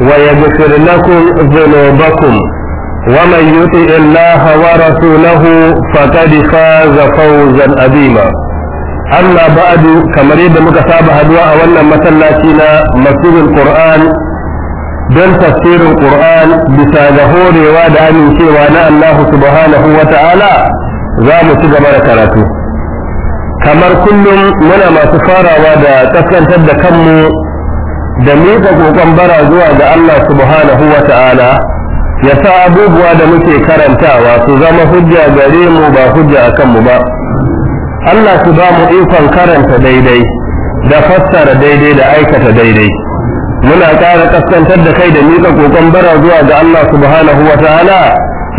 ويغفر لكم ذنوبكم ومن يطع الله ورسوله فقد فاز فوزا عظيما أما بعد كما يريد مكتاب هدوء أولا مثلاتنا مسجد القرآن دون تفسير القرآن بساده رواد أمين شيوانا الله سبحانه وتعالى زام سجمع كراتو kamar kullum muna masu farawa da kaskantar da kanmu da miƙa kokon bara zuwa ga Allah subhanahu wa ta'ala ya sa abubuwa da muke karantawa su zama hujja gare mu ba hujja a kanmu ba Allah su ba mu ikon karanta daidai da fassara daidai da aikata daidai muna ƙara kaskantar da kai da miƙa kokon bara zuwa ga Allah subhanahu wa ta'ala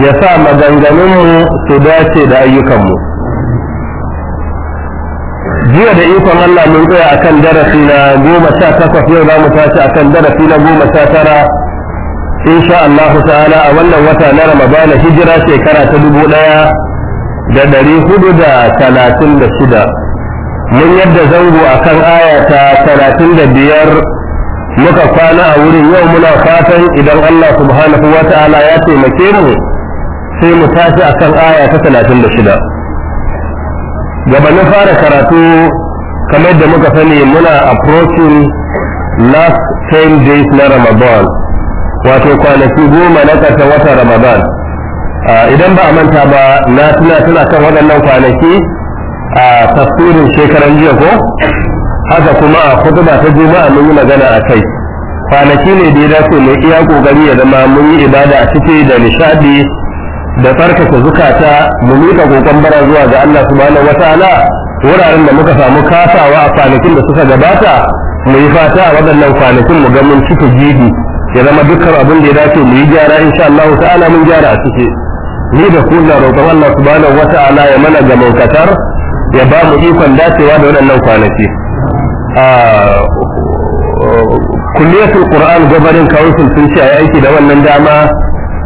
ya sa maganganunmu su dace da ayyukanmu jiya da ikon Allah mun tsaya akan darasi na goma sha takwas yau za mu tashi akan darasi na goma sha tara insha Allah ta'ala a wannan wata na Ramadana hijira shekara ta dubu ɗaya da dari hudu da talatin da shida mun yadda zango akan aya ta talatin da biyar muka kwana a wurin yau muna fatan idan Allah subhanahu wa ta'ala ya taimake mu sai mu tashi akan aya ta talatin da shida na fara karatu kamar da muka sani muna approaching last 10 days na ramadan wato kwanaki goma na ƙarshen watan ramadan idan ba a manta ba na tuna tana kan waɗannan kwanaki a tafsirin shekaran jiya ko haka kuma a ba ta juma'a mun yi magana a kai kwanaki ne da ya dace mai iya kokari ya zama mun yi ibada a ciki da nishadi da tsarkake zukata mu miƙa kokon bara zuwa ga Allah subhanahu wataala wuraren da muka samu kasawa a kwanakin da suka gabata mu yi fata a waɗannan kwanakin mu ga mun cika ya zama dukkan abin da ya dace mu yi gyara insha Allah ta'ala mun gyara a ni da ku na roƙon Allah subhanahu wataala ya mana ga maukatar ya ba mu ikon dacewa da waɗannan kwanaki kulliyatul qur'an gabarin council sun ce ayi aiki da wannan dama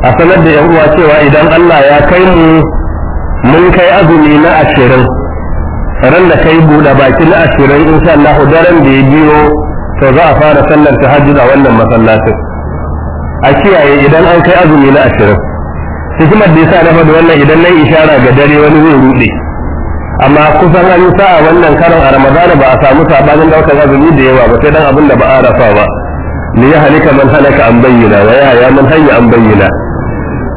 a sanar da yan uwa cewa idan Allah ya kai mu mun kai azumi na ashirin ran da kai buɗe baki na ashirin insha Allah daren da ya biyo to za a fara sallar hajji a wannan masallacin a kiyaye idan an kai azumi na ashirin hikimar da yasa na faɗi wannan idan na ishara ga dare wani zai ruɗe amma kusan an a wannan karan a ramadana ba a samu sabanin ɗaukar azumi da yawa ba sai dan abin da ba a rafa ba liya ya halika man halaka an bayyana wa ya ya man hayya an bayyana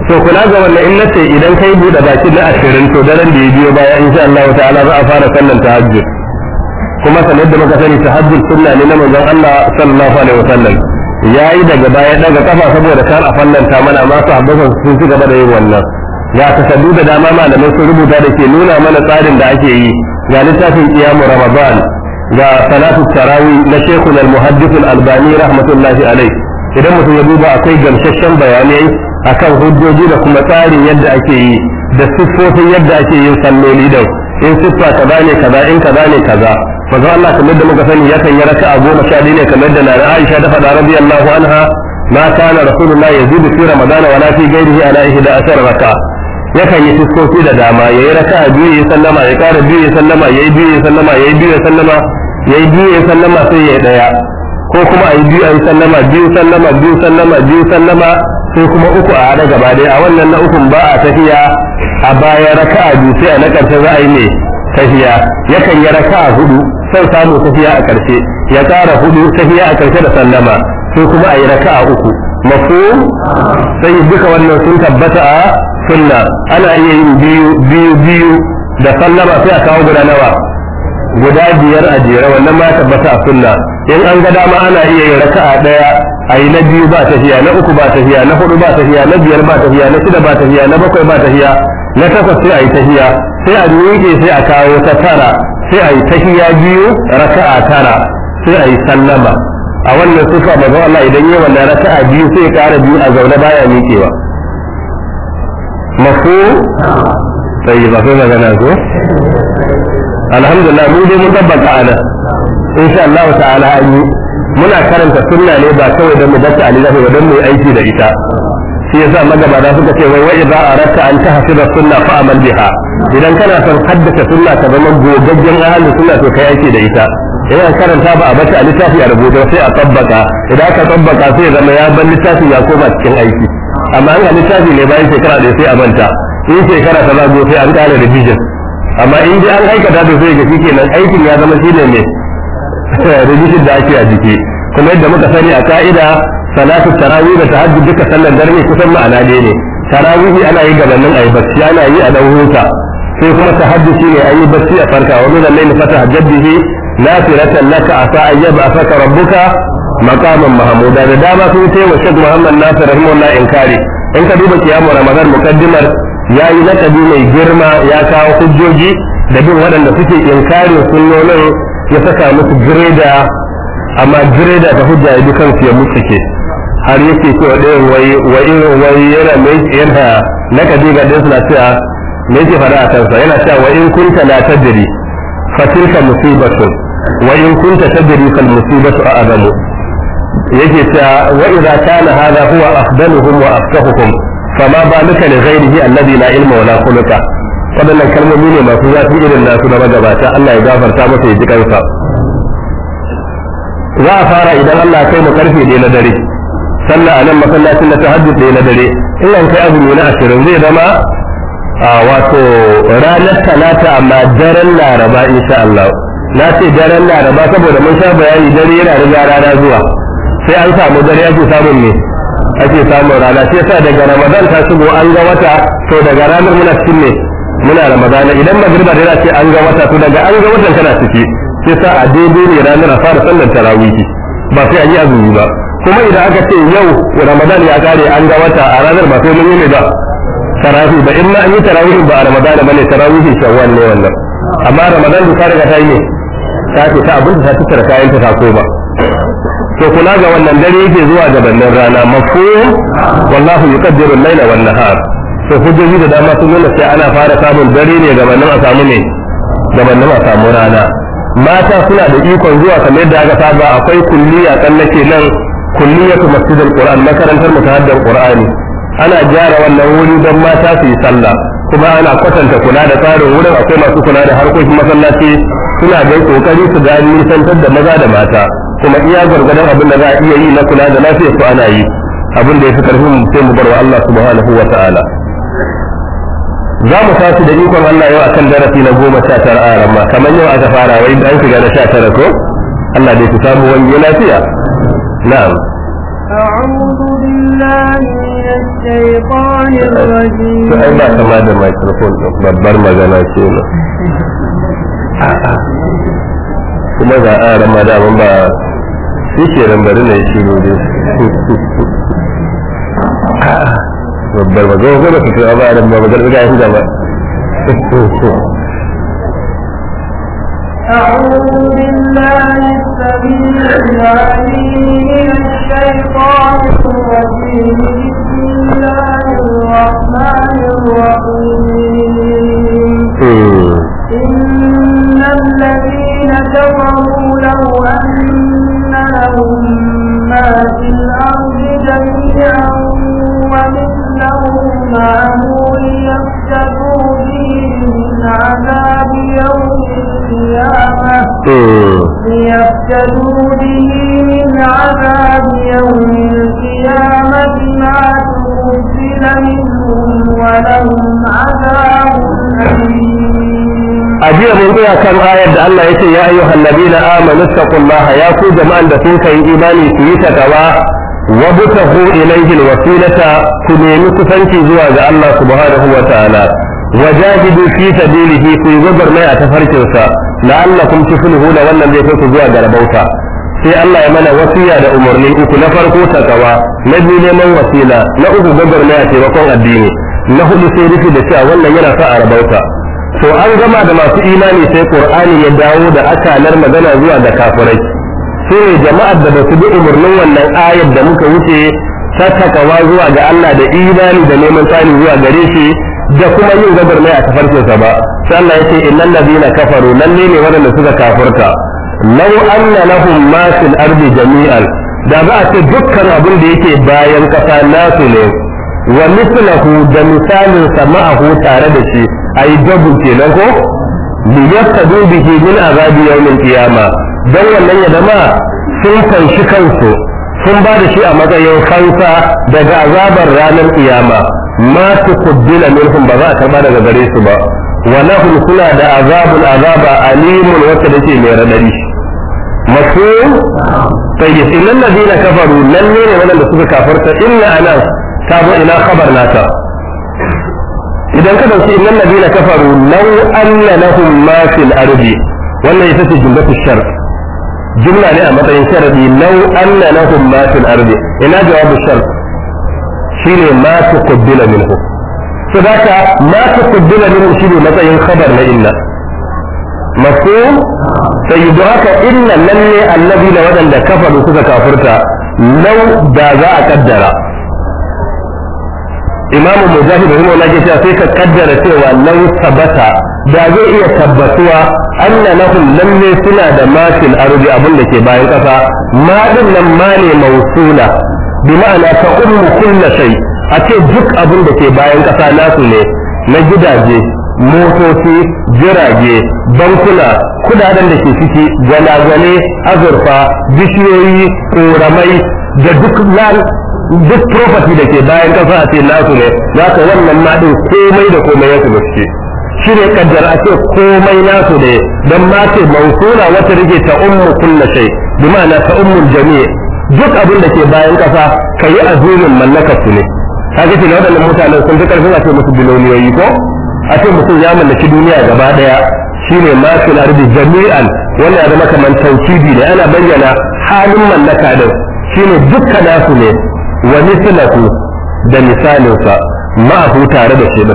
to kula ga wannan in nace idan kai buɗe baki na ashirin to daren da ya biyo baya insha Allah ta'ala za a fara sallan tahajjud kuma sanar da muka sani tahajjud sunna ne na manzon Allah sallallahu alaihi wasallam yayi daga baya daga kafa saboda kar a fallanta mana ma sahabban sun ci gaba da yin wannan ya sabu da dama malamai sun rubuta da ke nuna mana tsarin da ake yi ga littafin qiyamu ramadan ga salatu tarawi na shekul al-muhaddith al-albani rahmatullahi alaihi idan mutum ya duba akwai gamsasshen bayanai akan hujjoji da kuma tsarin yadda ake yi da siffofin yadda ake yin salloli da in siffa bane ne kaza in kaza ne kaza maza Allah kamar da muka sani yakan yi raka'a goma sha biyu ne kamar da nana Aisha da fada radiyallahu anha ma kana rasulullahi yazidu fi ramadan wa la fi ghairihi ala da ashara raka'a yakan yi siffofi da dama yayi raka'a biyu ya sallama ya ƙara biyu ya sallama yayi biyu ya sallama yayi biyu ya sallama yayi biyu ya sallama sai ya daya ko kuma ayi biyu ayi sallama biyu sallama biyu sallama biyu sallama sai kuma uku a hada gaba dai a wannan na ukun ba a tafiya a bayan raka'a biyu sai a na karshe za a yi ne tafiya yakan yi raka a hudu sai samu tafiya a karshe ya ƙara hudu tafiya a karshe da sallama sai kuma a yi raka a uku mafhum sai duka wannan sun tabbata a sunna ana iya yin biyu biyu da sallama sai a kawo guda nawa guda biyar a jere wannan ma tabbata a sunna in an ga dama ana iya yin raka'a daya ai na biyu ba tafiya na uku ba tafiya na hudu ba tafiya na biyar ba tafiya na shida ba tafiya na bakwai ba tafiya na takwas sai ai tafiya sai a miƙe sai a kawo ta tara sai ai tafiya biyu raka'a tara sai ai sallama a wannan sufa manzo Allah idan yi wannan raka'a biyu sai ya ƙara biyu a zaune baya miƙewa mafu sai ba sai magana ko alhamdulillah mu dai mun tabbata ana insha Allah ta'ala an yi muna karanta sunna ne ba kawai don mu bata a littafi ba don mu yi aiki da ita shi yasa magabata suka ce wai wai za a raka an ta hasiba sunna fa amal biha idan kana son haddace sunna ka zama gogaggen ahalin sunna to kai aiki da ita idan karanta ba a bata a littafi a rubuta sai a tabbata idan aka tabbata sai zama ya ban littafi ya koma cikin aiki amma an littafi ne bayan shekara da sai a manta in shekara ta zago sai an kare bijin amma in ji an aikata da sai ga shi kenan aikin ya zama shine ne rigishin da ake a jiki kuma yadda muka sani a ka'ida salatu tarawih da tahajjud duka sallar dare kusan ma'ana ne ne tarawih ana yi gabanin ayi bacci ana yi a dan huta sai kuma tahajjud shine ayi bacci a farka wa min al-layli fatahajjad bihi nafiratan laka asa ayyaba afaka rabbuka maqaman mahmuda da dama sun sai wa shaykh muhammad nasir rahimahullah inkari in ka duba kiyamu ramadan mukaddimar yayi lakabi mai girma ya kawo hujjoji da bin waɗanda suke inkarin sunnonin ya saka musu gireda amma gireda ta hujja ya bi kansu ya mutuke har yake cewa ɗayan wai wai wai yana mai yana na kadiga ɗin suna cewa me yake faɗa a kansa yana cewa wa in kunta la tadri fa tilka musibatun wa in kunta tadri fal musibatu a'zamu yake cewa wa idza kana hadha huwa afdaluhum wa afsahuhum fama balika li ghayrihi alladhi la ilma wa la khuluqa waɗannan kalmomi ne masu zafi irin nasu na magabata Allah ya gafarta masa ya ji kansa za a fara idan Allah kai mu karfe ɗaya na dare sallah a nan masallacin na tahajjud ɗaya na dare in an kai ne na ashirin zai zama a wato ranar talata amma daren laraba insha Allah na ce daren laraba saboda mun sha bayani dare yana riga rana zuwa sai an samu dare ake samun ne ake samun rana sai sa daga ramadan ta shigo an ga wata to daga ranar muna cikin ne muna ramadana idan magriba da ce an ga wata to daga an ga watan kana ciki sai sa a daidai ne ranar a fara sallar tarawih ba sai an yi azumi ba kuma idan aka ce yau ramadan ya kare an ga wata a ranar ba sai mun yi ne ba tarawih ba in ma an yi tarawih ba a ramadan bane tarawih shawwal ne wannan amma ramadan da fara ga ta yi ne ta ce ta abin da ta tsara kayan ta ko ba to kula ga wannan dare yake zuwa gabanin rana mafhum wallahu yuqaddiru al-laila wan-nahar sai hujjoji da dama sun nuna sai ana fara samun dare ne gabanin a samu ne a samu rana mata suna da ikon zuwa kamar yadda aka saba akwai kulliya tsallake nan kulliyatu masjidil qur'an makarantar mutahaddar qur'ani ana gyara wannan wuri don mata su yi sallah kuma ana kwatanta kula da tsarin wurin akwai masu kula da harkokin masallaci suna da kokari su ga nisantar da maza da mata kuma iya gwargwadon abin da za a iya yi na kula da lafiyar su ana yi abin da ya fi karfin sai mu bar wa Allah subhanahu wa ta'ala za mu tashi da ikon Allah yau akan darasi na goma sha tara a ramma kamar yau aka fara wai da an shiga na sha tara ko Allah bai ku samu wani lafiya na'am أعوذ بالله من الشيطان الرجيم أي ما كما ببر مغانا كينا كما ذا آرم هذا من با شكرا برنا يشيروا دي babbar ba zai gaba kake ba da ba babbar ga yahuda ba أعوذ بالله السميع العليم من الشيطان الرجيم بسم الله الرحمن الرحيم إن الذين كفروا لو أن لهم ما في معه ليفتدوا به من عذاب يوم القيامة ما تقبل منهم ولهم عذاب a jiya mun tsaya kan ayar da Allah ya ce ya ayyuhan nabina amanu taqullaha ya ku jama'an da sun kai imani su yi takawa wabtahu ilayhi alwasilata ku nemi kusanci zuwa ga Allah subhanahu wa ta'ala wajahidu fi sabilihi ku yi gwagwarmaya a tafarkinsa la'allakum tuflihuna wannan zai kai ku zuwa ga rabauta sai Allah ya mana wasiya da umarni uku na farko takawa na biyu neman wasila na uku gwagwarmaya taimakon addini na hudu sai rufe da cewa wannan yana sa a rabauta to an gama da masu imani sai qur'ani ya dawo da akalar magana zuwa ga kafirai Sai jama'ar da basu su bi umarnin wannan ayar da muka wuce wa zuwa ga Allah da imani da neman sani zuwa gare shi da kuma yin mai a kafarkinsa ba sai Allah ya ce innal ladina kafaru lalle ne waɗanda suka kafurta law anna lahum ma fil ardi jami'an da za a ce dukkan abin da yake bayan kasa nasu ne wa mislahu da misalin sama'ahu tare da shi ai dabu kenan ko liyaftadu bihi min azabi yawmin qiyamah don wannan ya zama sun fanshi kansu sun ba da shi a matsayin fansa daga azabar ranar kiyama masu su kuddina ba za a karba daga gare su ba wa lahum suna da azabun azaba alimun wacce da ke mai radari masu tayyib innal ladina kafaru nan ne wannan da suka kafarta inna anas ta zo ina khabar nata idan ka dauki na ladina kafaru law anna lahum ma fil ardi wannan ita ce jumlatul shar' jumla ne a matsayin sharadi law anna lahum ma fil ardi ina jawabu shart shine ma tuqbila minhu so daka ma tuqbila minhu shine matsayin khabar na inna mafhum sai haka inna lalle allazi la wadanda kafaru suka kafirta lau da za a kaddara imamu mujahid rahimahullah ya ce sai ka kaddara cewa lau tabata. da zai iya tabbatuwa anna lahum lalle suna da matin arji abin da ke bayan kasa ma din nan ma ne mausula bi ma'ana ta ummu kullu shay a ce duk abin da ke bayan kasa nasu ne na gidaje motoci jirage bankuna kudaden da ke ciki gwanagwane azurfa bishiyoyi koramai da duk duk property da ke bayan kasa a ce nasu ne za ka wannan ma din komai da komai ya kuma shi ne a ce komai nasu da ya don ma ce mausura wata rike ta ummu kulla shai bi ma'ana ta ummu jami'a duk abin da ke bayan kasa ka yi azumin mallakar su ne kaga ce waɗannan mutanen sun fi karfin a ce musu biloniyoyi ko a ce mutum ya mallaki duniya gaba daya shine ma fil larabi jami'an wannan ya zama kamar tauhidi ne ana bayyana halin mallaka shi shine dukkan nasu ne wani mislahu da misalinsa ma'ahu tare da shi din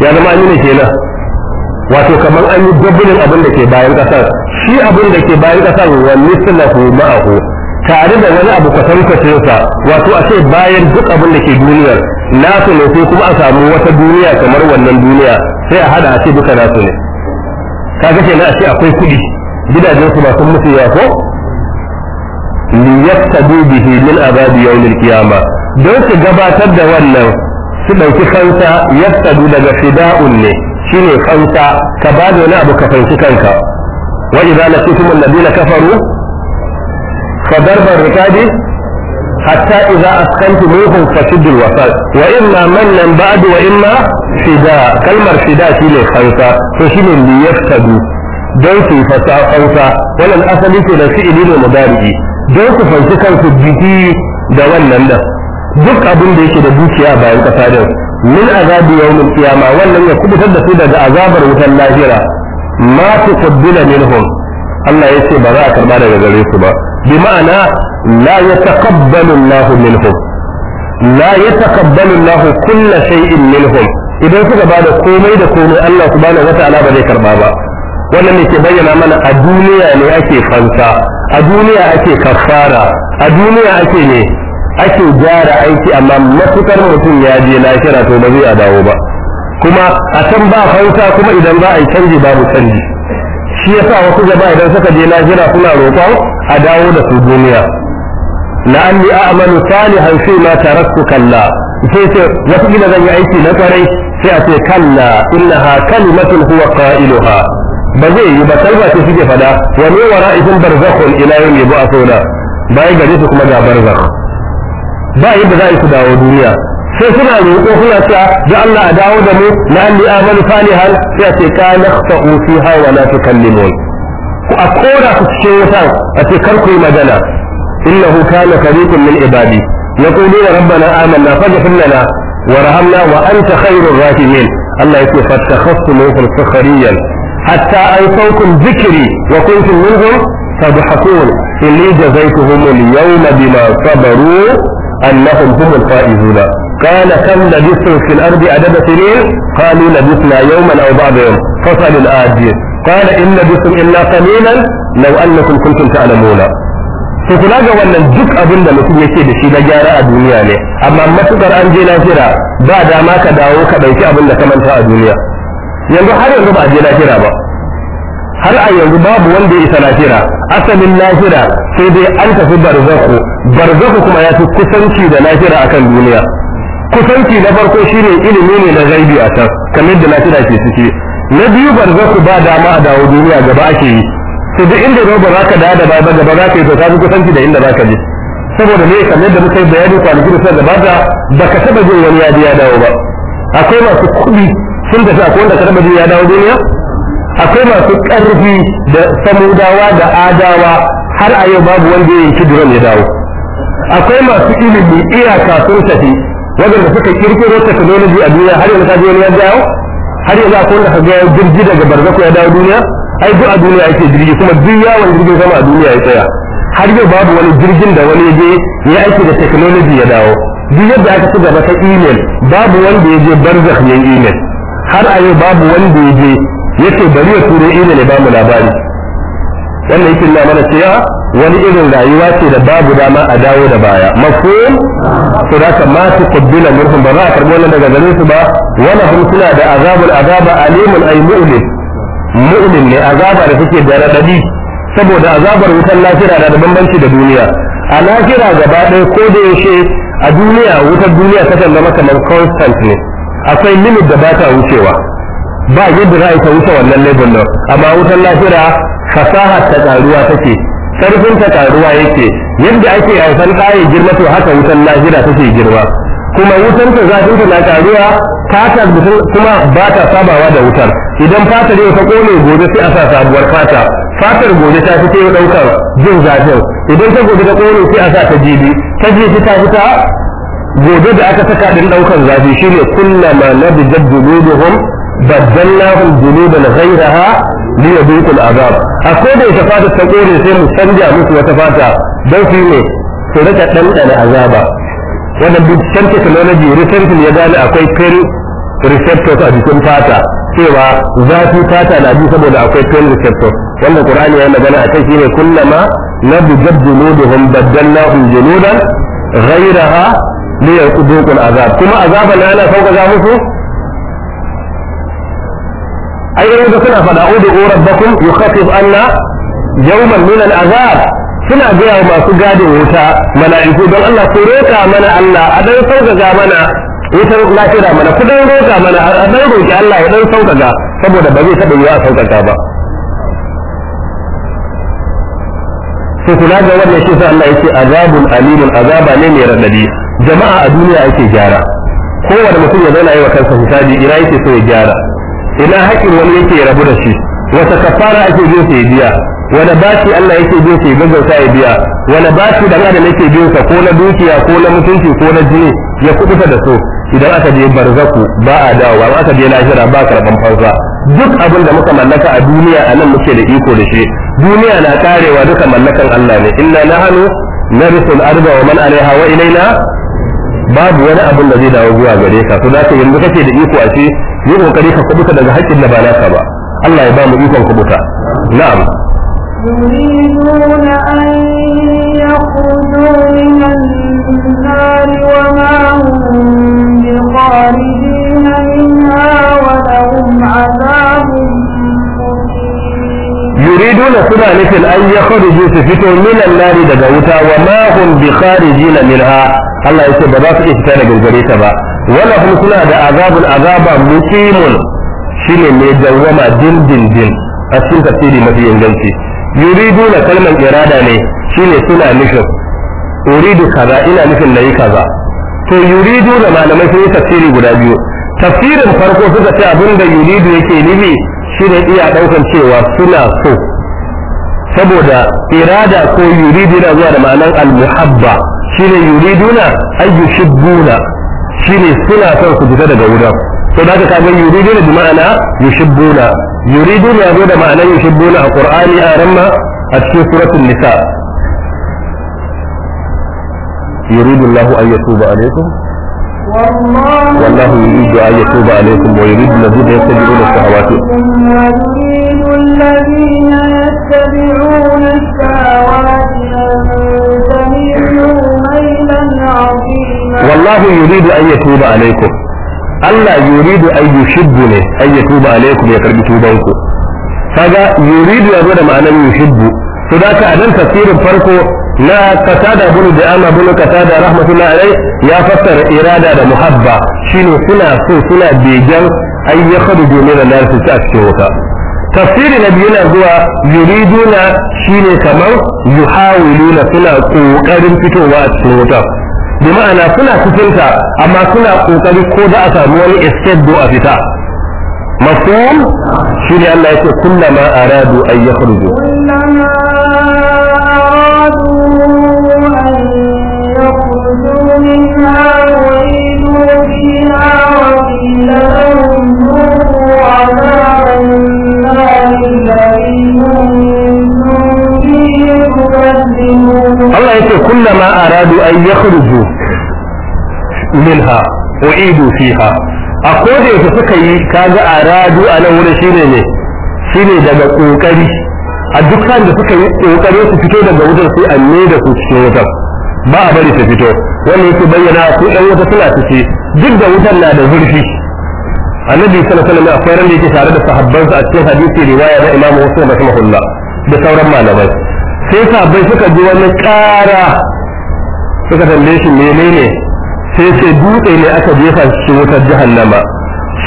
ya zama an yi kenan wato kamar an yi dubbulin abin da ke bayan kasar shi abin da ke bayan kasar wa mislahu ma'ahu tare da wani abu kwatankwacin sa wato a ce bayan duk abin da ke duniyar nasu ne sai kuma a samu wata duniya kamar wannan duniya sai a hada a ce duka nasu ne kaga na a ce akwai kudi gidajen su masu mutu yawa ko liyaftadu bihi min azabi yawmil kiyama don su gabatar da wannan su ɗauki fansa yastadu daga fida'un ne shine fansa ka ba da wani abu ka fansi kanka wa idza laqitum alladhina kafaru fa darba riqabi hatta idza asqantumuhum fashiddul wasal wa imma mannan ba'du wa imma fida kalmar fida shine fansa to shi shine li yaftadu don su fasa fansa wannan asali ce da fi'ili ne mudari don su fansi kansu biki da wannan da duk abin da yake da dukiya bayan kasa din min azabi yawmil qiyama wannan ya kubutar da su daga azabar wutar lahira ma tuqabbila minhum Allah yace ba za a karba daga gare su ba bi ma'ana la yataqabbalu Allah minhum la yataqabbalu Allah kull shay'in minhum idan suka bada komai da komai Allah subhanahu wataala ba zai karba ba wannan ne ke bayyana mana a duniya ne ake fansa a duniya ake kafara a duniya ake ne ake gyara aiki amma matukar mutum ya je lahira to ba zai a dawo ba kuma a can ba fansa kuma idan za a yi canji babu canji shi yasa wasu gaba idan suka je na kira suna roƙon a dawo da su duniya na a a'malu tali fi ma su kalla sai ce wasu gina zan yi aiki na kwarai sai a ce kalla innaha kalimatun huwa qailuha ba zai yi ba kalma ce suke fada wa ne wara'ihim barzakhun ila a yub'athuna bayan gare su kuma ga barzakh ba yadda za su dawo duniya sai suna roƙo suna cewa da Allah a dawo da mu na an amalu salihan sai a ce ka nakhsa'u fiha wa la tukallimun a kora su cikin wutan a ce kar ku yi magana innahu kana fariqun min ibadi yaquluna rabbana amanna faghfir lana ورحمنا وأنت خير الراحمين الله يقول فاتخذتموهم سخريا حتى أنسوكم ذكري وكنتم منهم تضحكون إني جزيتهم اليوم بما صبروا أنهم هم الفائزون قال كم لبثتم في الأرض عدد سنين قالوا لبثنا يوما أو بعض يوم فاسأل الآجين قال إن لبثتم إلا قليلا لو أنكم كنتم تعلمون to kula ga wannan duk abin da yake da shi na gyara a duniya ne amma matukar an je lafira ba dama ka dawo ka ɗauki ka manta a duniya yanzu har yanzu ba a je ba har a yanzu babu wanda ya isa lafira asalin lafira sai dai an tafi barzaku barzaku kuma ya fi kusanci da akan duniya kusanci na farko shine ilimi ne na gaibi a can kamar da ke na biyu barzaku ba dama a dawo duniya gaba ake yi to duk inda zo za ka dawo da baya ba gaba za ka yi to ka fi kusanci da inda za ka je saboda ne kamar da muka yi bayani kwanaki da suka gabata ba ka taɓa jin wani ya dawo ba akwai masu kuɗi sun tafi akwai wanda ka taɓa jin ya dawo duniya akwai masu ƙarfi da samudawa da adawa har a yau babu wanda ya yanki drone ya dawo akwai masu ilimi iyaka sun tafi da suka kirkiro technology a duniya har yanzu kaji wani ya dawo har yanzu akwai wanda kaga ya jirgi daga barzako ya dawo duniya ai duk a duniya ake jirgi kuma duk yawon jirgin sama a duniya ya tsaya har yau babu wani jirgin da wani je ya aiki da technology ya dawo duk yadda aka ci gaba ta email babu wanda ya je barzakh ya email har a yau babu wanda ya je yake bari ya ture email ya bamu labari wannan yake nuna mana cewa wani irin rayuwa ce da babu dama a dawo da baya mafhum to da ka ma kubbila murhum ba za a karbi wannan daga gare su ba wala hum suna da azabul azaba alimun ay mu'lim mu'lim ne azaba da take da radadi saboda azabar wutar lafira da bambanci da duniya a lafira gaba ɗaya ko da yaushe a duniya wutar duniya ta zama kamar constant ne akwai limit da ba ta wucewa ba yadda za a yi ta wuce wannan label nan amma wutar lafira fasaha ta karuwa take sarfin ta karuwa yake yadda ake haifar kayan girma to haka wutar lafira take girma kuma wutar ta zafin ta na karuwa fatar kuma ba ta sabawa da wutar idan fatar yau ta kone gobe sai a sa sabuwar fata fatar gobe ta fito yau daukar jin zafin idan ta gobe ta kone sai a sa ta jibi ta jibi ta fita gobe da aka saka ɗin ɗaukar zafi shine kullama nabijat juluduhum baddalnahum dhunuban ghayraha li yaduqul azab akwai da ita fata ta kore sai mu canja musu wata fata don su ne su rika dandana azaba wannan binciken technology recently ya gane akwai pain receptors a jikin fata cewa zafi fata na ji saboda akwai pain receptors wannan qur'ani ya magana akai shine kullama nabijat junuduhum baddalnahum junudan ghayraha li yaduqul azab kuma azaban ana sauka musu ai yanzu suna faɗa udu rabbakum yukhaffif anna yawman min al'azab suna gaya wa masu gadin wuta mala'iku don Allah ku roka mana Allah a dan sauƙaƙa mana wutar lafiya mana ku dan roka mana a dan roki Allah ya dan sauƙaƙa saboda ba zai taɓa yiwa a sauƙaƙa ba sai kula ga wannan shi Allah yake azabun alimun azaba ne mai radadi jama'a a duniya ake gyara kowane mutum ya zauna yi wa kansa hisabi ina yake so ya gyara ina haƙin wani yake rabu da shi wata kafara ake biyo sai biya wani bashi Allah yake biyo sai gaggauta ya biya wani bashi dan adam yake biyo ko na dukiya ko na mutunci ko na jini ya kubuta da so idan aka je barzaku ba a dawowa ba aka je lahira ba karban fansa duk abin da muka mallaka a duniya a nan muke da iko da shi duniya na karewa duka mallakan Allah ne inna nahnu narisul arda wa man alaiha wa ilaina babu wani abin da zai dawo zuwa gare ka to da ka yanzu kake da iko a ce yi kokari ka kubuta daga haƙƙin da ba naka ba Allah ya ba mu ikon kubuta na'am يريدون أن يخرجوا من النار وما هم بخارجين منها ولهم عذاب يريدون سنة مثل أن يخرجوا في من النار دقوتا وما هم بخارجين منها Allah ya ce ba za su iya fita daga gare ta ba wala hum suna da azabin azaba muqimun shine mai dawwama dindindin a cikin tafsiri mafi inganci na kalmar irada ne shine suna nufin uridu kaza ina nufin nayi kaza to yuridu da malamai sun yi tafsiri guda biyu tafsirin farko suka ce abin da yuridu yake nufi shine iya daukan cewa suna so saboda irada ko yuridu yana zuwa da ma'anar al-muhabba shine yuriduna ay yushibbuna shine suna son su fita daga wurin to da ka ga yuriduna bi ma'ana yushibbuna yuriduna ya zo da ma'anar yushibbuna a qur'ani a ramma a cikin suratul nisa يريد الله أن يتوب عليكم والله يريد أن يتوب عليكم ويريد الذين يتبعون الشهوات يريد الذين يتبعون الشهوات والله يريد أن يتوب عليكم Allah yuridu an yushibbu ya tuba alaikum ya karbi tuban ku kaga yuridu yazo da ma'anar yushibbu to da ka anan tafsirin farko na qatada bin da ama bin qatada rahmatullahi alai ya fassara irada da muhabba shine suna so suna begen ay yakhruju min an a cikin ashuka tafsiri na biyu na zuwa yuriduna shine kamar yuhawiluna suna kokarin fitowa a cikin wuta bi ma'ana suna cikinta amma suna kokari ko za a samu wani escape do a fita mafhum shine Allah yake kullama aradu an yakhruju kullama aradu an yakhruju كلما أرادوا أن يخرجوا منها أعيدوا فيها أقول إذا سكي كان أرادوا أنا ولا شيء shine daga kokari a dukkan da suka yi kokarin su fito daga wutar sai an ne da su cikin wutar ba a bari ta fito wani yake bayyana su ɗan wata suna ciki duk da wutar na da zurfi annabi sallallahu alaihi akwai ran da yake tare da sahabbansa a cikin hadisi riwaya na imamu muslim rahimahullah da sauran malamai sai sabai suka ji wani ƙara suka tambaye shi menene sai ce dutse ne aka jefa cikin wutar jahannama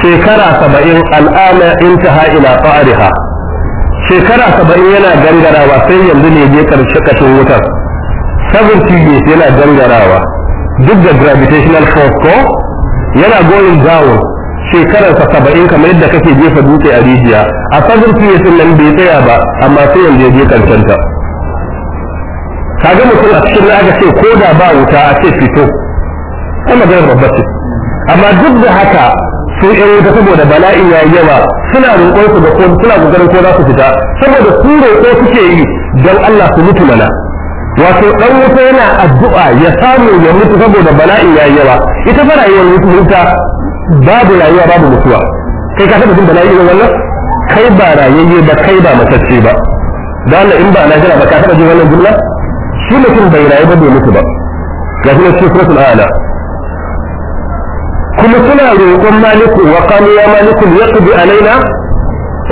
shekara saba'in al'ana intaha ila fa'ariha shekara saba'in yana gangarawa sai yanzu ne je karshe kashin wutar 70 years yana gangarawa duk da gravitational force ko yana going down shekararsa saba'in kamar yadda kake jefa dutse a rijiya a 70 years nan bai tsaya ba amma sai yanzu ya je karshenta kaga mutum a cikin na aka ce ko da ba wuta a ce fito sai maganar babba ce amma duk da haka su yan wuta saboda bala'i ya yawa suna roƙon su da ko suna gudanar ko za su fita saboda su roƙo suke yi don Allah su mutu mana wato dan wuta yana addu'a ya samu ya mutu saboda bala'i ya yawa ita fa rayuwar wuta babu rayuwa babu mutuwa kai ka taɓa jin bala'i irin wannan kai ba rayayye ba kai ba matacce ba da in ba na jira ba ka taɓa jin wannan jumla shi mutum bai rayu ba bai mutu ba ga shi cikin suratul ala kuma suna roƙon maliku wa qalu ya maliku yaqdi alaina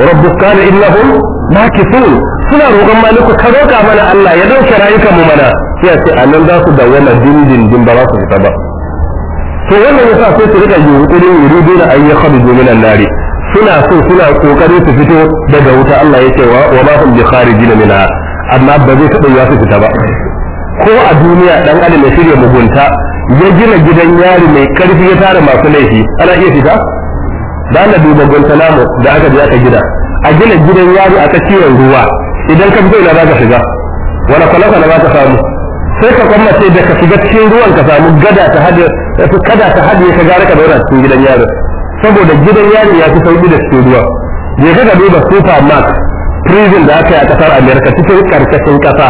rabbuk kana innahum makithun suna roƙon maliku ka roƙa mana Allah ya dauke rayukan mu mana sai a ce anan za su dawwama dindindin ba za su fita ba to wannan yasa sai su rika yunkurin yuriduna an yakhruju minan nari suna so suna kokarin su fito daga wuta Allah ya ce wa ma hum bi kharijina minha amma ba zai taɓa ya fita ba ko a duniya dan adam mai shirya mugunta ya gina gidan yari mai karfi ya tara masu laifi ana iya fita ba na duba namu da aka je aka gida a gina gidan yari aka ciwon ruwa idan ka fito ina za ka shiga wani kwalakwa na za ka samu sai ka sai da ka shiga cikin ruwan ka samu gada ta hadiye kada ta hadiye ka gara ka daura cikin gidan yari saboda gidan yari ya fi sauki da cikin ruwa je ka duba mark prison da aka yi a kasar america cikin karkashin kasa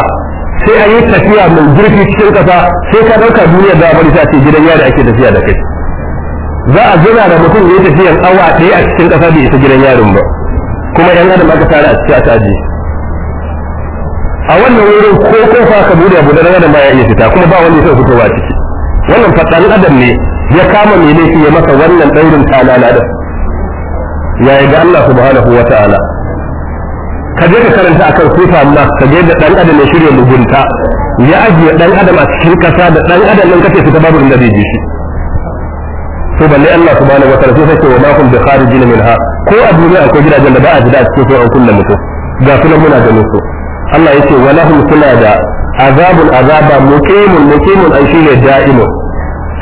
sai a yi tafiya mai zurfi cikin kasa sai ka dauka duniya da bari ce gidan yari ake tafiya da kai za a jira da mutum ya tafiyan awa ɗaya a cikin kasa bai isa gidan yarin ba kuma yan adam aka tare a cikin asaji a wannan wurin ko kofa ka bude abu da adam ba ya iya fita kuma ba wani ya fito ba ciki wannan fadan adam ne ya kama mai laifi ya masa wannan ɗaurin talala da ya yi ga Allah subhanahu wa ta'ala ka je ka karanta akan sifa Allah ka je da dan adam ya shirya mugunta ya ajiye dan adam a cikin kasa da dan adam nan kace ta babu inda zai ji shi to balle Allah subhanahu wa ta'ala sai ce wa makum bi kharijin minha ko a duniya ko gidajen da ba a ji da cikin sai an kunna mutum ga kullum muna da musu Allah yace wa suna da azabun azaba muqimun muqimun an shine da'imun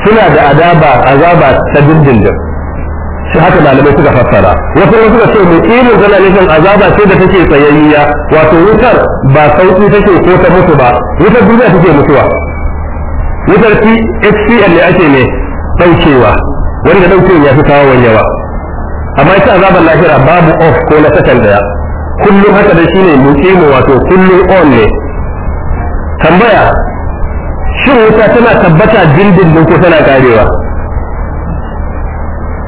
suna da azaba azaba ta dindindin shi haka malamai suka fassara wasu ne suka ce muqimin tana nufin azaba ce da take tsayayya wato wutar ba sauki take ko ta mutu ba wutar duniya take mutuwa wutar ci HCL ne ake ne daukewa wanda daukewa ya fi kawo yawa amma ita azaban lahira babu off ko na sakan daya kullum haka da shine muqimu wato kullum on ne tambaya shin wuta tana tabbata jirgin ko tana karewa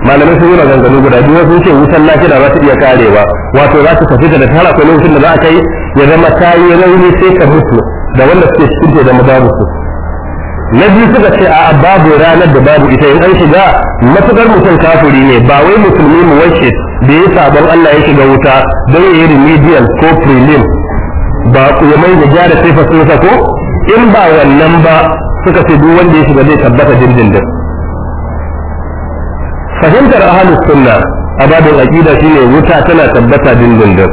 malamai sun yi maganganu guda biyu sun ce wutan lafiya za su iya karewa wato za su tafi da tara akwai lokacin da za a kai ya zama ta rauni sai ka mutu da wanda suke cikin ke da babu su na biyu suka ce a babu ranar da babu ita in an shiga matukar mutum kafuri ne ba wai musulmi mu wanke da ya sabon Allah ya shiga wuta don ya yi remedial ko prelim ba ku ya mai da gyara sai fasinsa ko in ba wannan ba suka ce duk wanda ya shiga zai tabbata dindindin fahimtar ahlus sunna a babin aqida shine wuta tana tabbata dindindin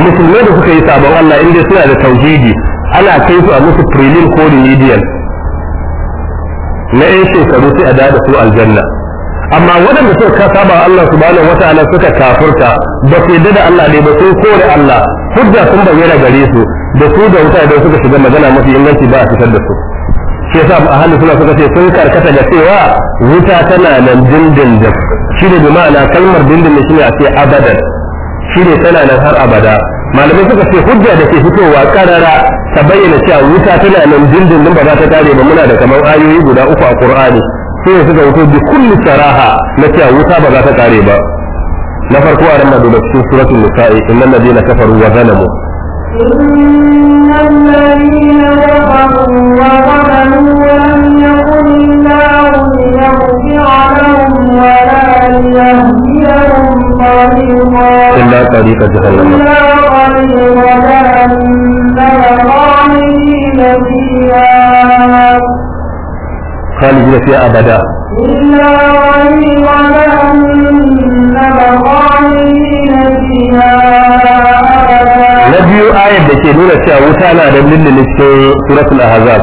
musulmai da suka yi sabon Allah inda suna da tauhidi ana kai su a musu prelim ko remedial na yan shekaru sai a dada su aljanna amma waɗanda suka ka ba Allah subhanahu wata'ala suka kafurta ba su yadda da Allah ne ba sun kore Allah hujja sun bayyana gare su da su da wuta idan suka shiga magana mafi inganci ba a fitar da su sa a hannu suna suka ce sun karkata da cewa wuta tana nan dindindin shi ne bi na kalmar dindindin shi ne a ce abadan shi ne tana nan har abada malamai suka ce hujja da ke fitowa karara ta bayyana cewa wuta tana nan dindindin ba za ta tare ba muna da kamar ayoyi guda uku a qur'ani sai suka wuto bi kulli saraha na cewa wuta ba za ta tare ba na farko a ranar da cikin suratul nisa'i innal ladina kafaru wa zalamu طريق جهنم خالدين فيها أبدا إلا na biyu ayar da ke nuna cewa wuta na da lullule cikin suratul ahzab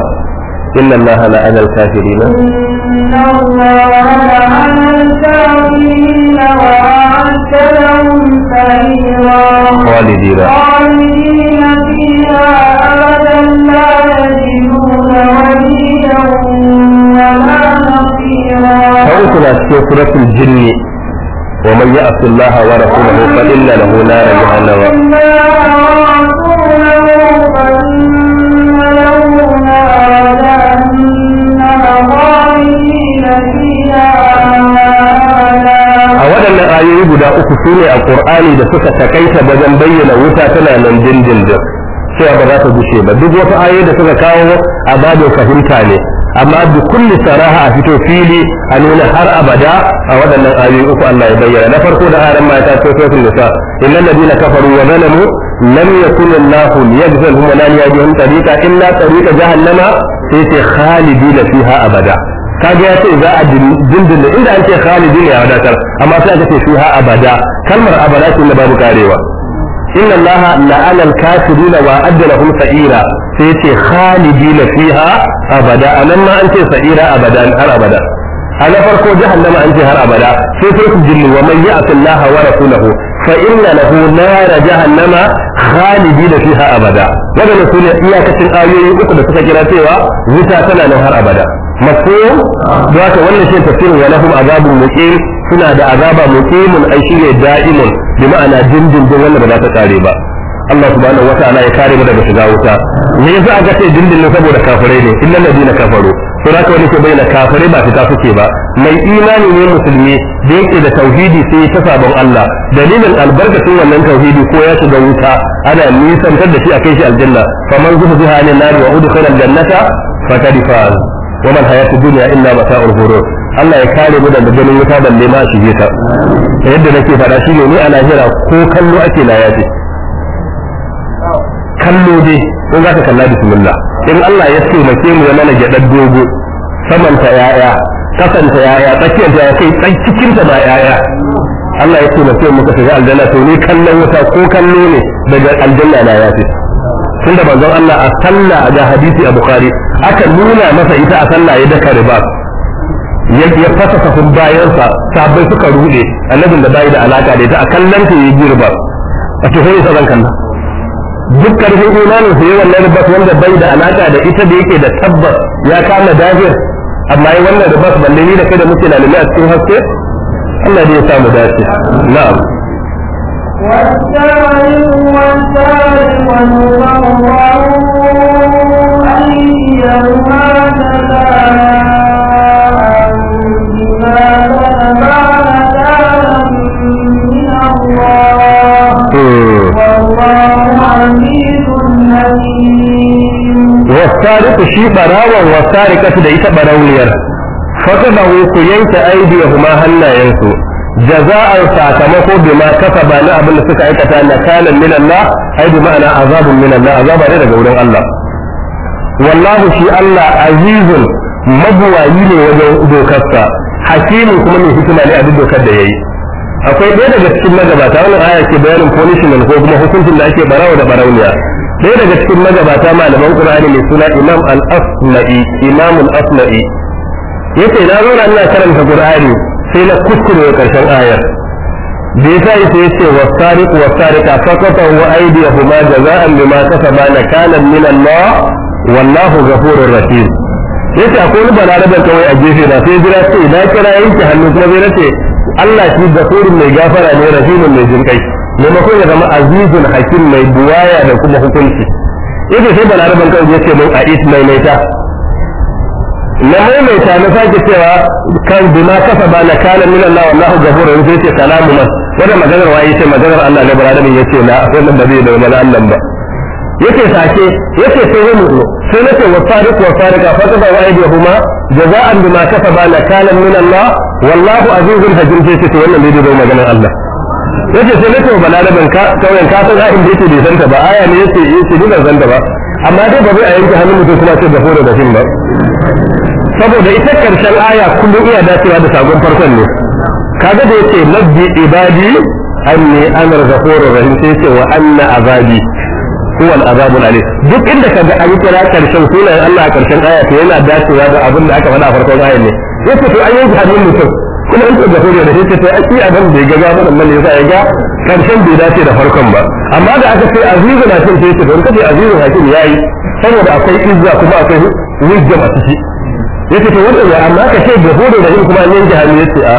inna allaha la anal kafirin inna allaha la anal kafirin wa a'adda lahum سعيرا خالدين خالدين فيها أبدا لا يجدون وليا ولا نصيرا فأنزلت سورة الجن ومن يعص الله ورسوله فإن له نار جهنم waɗannan ayoyi guda uku su ne a ƙur'ani da suka takaita wajen bayyana wuta tana nan dindindin cewa ba za ta gushe ba duk wata ayoyi da suka kawo a babin fahimta ne amma da kulli saraha a fito fili a nuna har abada a waɗannan ayoyi uku Allah ya bayyana na farko da aran ma ta fito sun nisa innal ladina kafaru wa zalamu lam yakun Allah yaghfirhum wa la yahdihim tariqa illa tariqa jahannama sai ce khalidina fiha abada kaga ya ce za a dindin inda an ce khalidina ya wadatar amma sai aka ce fiha abada kalmar abada ce da babu karewa inna allaha la'ana al-kafirina wa adda lahum sa'ira sai yace khalidina fiha abada anan ma an ce sa'ira abada har abada a na farko jahannama an ce har abada sai sai su jilli wa man ya'ti allaha wa rasulahu fa inna lahu nar jahannama khalidina fiha abada wannan sune iyakacin ayoyi uku da suka kira cewa wuta tana nan har abada mafhum da haka wannan shi tafsirin wa lahum azabun muqim suna da azaba muqimun ai shine da'imun bi ma'ana dindindin wanda ba za ta kare ba Allah subhanahu wata'ala ya kare mu daga shiga wuta me yasa aka ce dindindin saboda kafirai ne illal ladina kafaru sai haka wani ke bayyana kafirai ba fita suke ba mai imani ne musulmi da yake da tauhidi sai ta sabon Allah dalilin albarkacin wannan tauhidi ko ya shiga wuta ana nisantar da shi a kai shi aljanna faman zuha zuha ne nari wa udkhila aljannata faqad faz wa man hayatu dunya illa mata'ul ghurur Allah ya kare mu daga ganin wuta balle ma shige ta yadda nake faɗa shi ne ni a lahira ko kallo ake na yafi kallo dai ko za ka kalla bismillah in Allah ya mace mu ya mana gyaɗar dogo saman ta yaya ta yaya tsakiyar yaya kai ta ba yaya Allah ya mace mu ka shiga aljanna to ni kallon wuta ko kallo ne daga aljanna na yafi tunda manzon Allah a sallah ga hadisi a Bukhari aka nuna masa ita a sallah ya daka riba ya fasa kafin bayansa sabai suka rude annabin da bai da alaka da ita a kallon ta yi girba a cikin yasa zan kalla duk karfin imanin sa yawan nan bas wanda bai da alaka da ita da yake da tabbas ya kama dajiyar amma yi wannan da bas balle ni da kai da muke lalime a cikin haske Allah ne ya samu dace na'am والسارق والسارق والمرء أن يرمى wasariku shi barawan wasarikatu da ita barauniyar faqadahu ku yanke aidiyahuma hannayensu jaza'an sakamako bima kasaba na abin da suka aikata na kalan min Allah ai bi ma'ana azabun min Allah azaba ne daga wurin Allah wallahu shi Allah azizun mabuwayi ne wajen dokarsa hakimin kuma mai hikima ne a duk dokar da yayi akwai ɗaya daga cikin magabata wani aya ke bayanin punishment ko kuma hukuncin da ake barawa da barauniya ɗaya daga cikin magabata malaman qur'ani mai suna imam al-asma'i imam al-asma'i yace na zauna ina karanta qur'ani sai na kuskure karshen ayar da yasa yace yace wasariq wasariqa faqata wa aydiyahuma jaza'an bima kasaba nakalan min Allah wallahu ghafurur rahim yace akwai wani balarabe kawai a gefe na sai jira sai na kira yanke hannu kuma zai nace Allah shi gafurun mai gafara ne rahimun mai jinkai maimakon ya zama azizun hakim mai buwaya da kuma hukunci ita sai balaraban kan ya ce mun a it maita. na maimaita na sake cewa kan bima kasa ba na kala min Allah wallahu ghafurur rahim sai ce salamu man wannan maganar waye ce maganar Allah ne balaraban ya ce na wannan ba zai da wani Allah ba yake sake yake sai wani zo sai nace wa fariq wa fariqa fa kafa wa aydihuma jaza'an bima ba na kala min Allah wallahu azizun hakim sai ce wannan bai da maganar Allah yace sai nace wa da ka kawai ka san ra'in da yake bai santa ba aya ne yace yace ni ban santa ba amma dai ba zai a yanke hannun mutum suna ce da fura da ba saboda ita karshen aya kullum iya dacewa da sabon farkon ne kaga da yace labbi ibadi anni ana ghafurur rahim sai yace wa anna azabi huwa al-azabu alim duk inda kaga an kira karshen sunan Allah karshen aya to yana dacewa da abin da aka faɗa a farkon ayar ne yace to an yanke hannun mutum kuma in ga hore da yake a aki abin da ya ga gaban nan ne yasa ga karshen bai dace da farkon ba amma da aka ce azizu na cin sai don kace azizu hakim yayi saboda akwai izza kuma akwai wujja a ciki yake to wanda ya amma ka ce ga hore da yin kuma ne jahannam yace a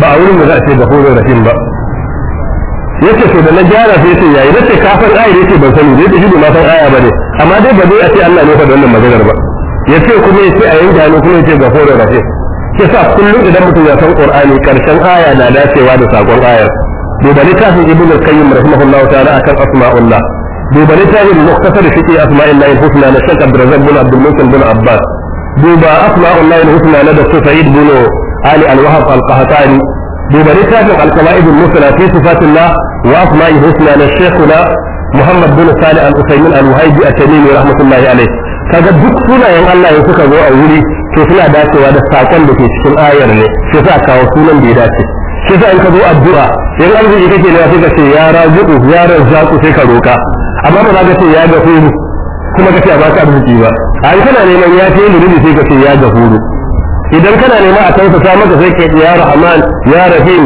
ba a wurin da za a ce ga hore da yin ba yace to da na gyara sai yi yayi nace kafin ayar ce ban sani dai shi ma san aya bane amma dai ba zai a ce Allah ne fa da wannan maganar ba yace kuma yace a yanka ne kuma yace ga da yin shi sa kullum idan mutum ya san qur'ani karshen aya na dacewa da sakon ayar duba littafin ibn al-qayyim rahimahullahu ta'ala akan asma'ullah duba littafin muktasar fiqi asma'illahi husna na shaykh abdurrazzaq bin abdul musin bin abbas duba asma'ullahi husna na da sa'id bin ali al-wahab al-qahtani duba littafin al-qawaid al-musla fi sifatillah wa asma'ihi husna na shaykhuna muhammad bin salih al-usaymin al-wahibi at-tamimi rahmatullahi alayh kaga duk sunayen Allah ya suka zo a wuri to suna dacewa da sakon da ke cikin ayar ne shi sa kawo sunan da ya dace shi sa in ka zo addu'a in arziki kake ne sai ka ce ya rajiku ya ku sai ka roka amma ba za ka ce ya gafuru kuma ka ce a baka arziki ba a yi kana neman ya ce lullubi sai ka ce ya gafuru idan kana nema a kansa sa maka sai ka ya rahman ya rahim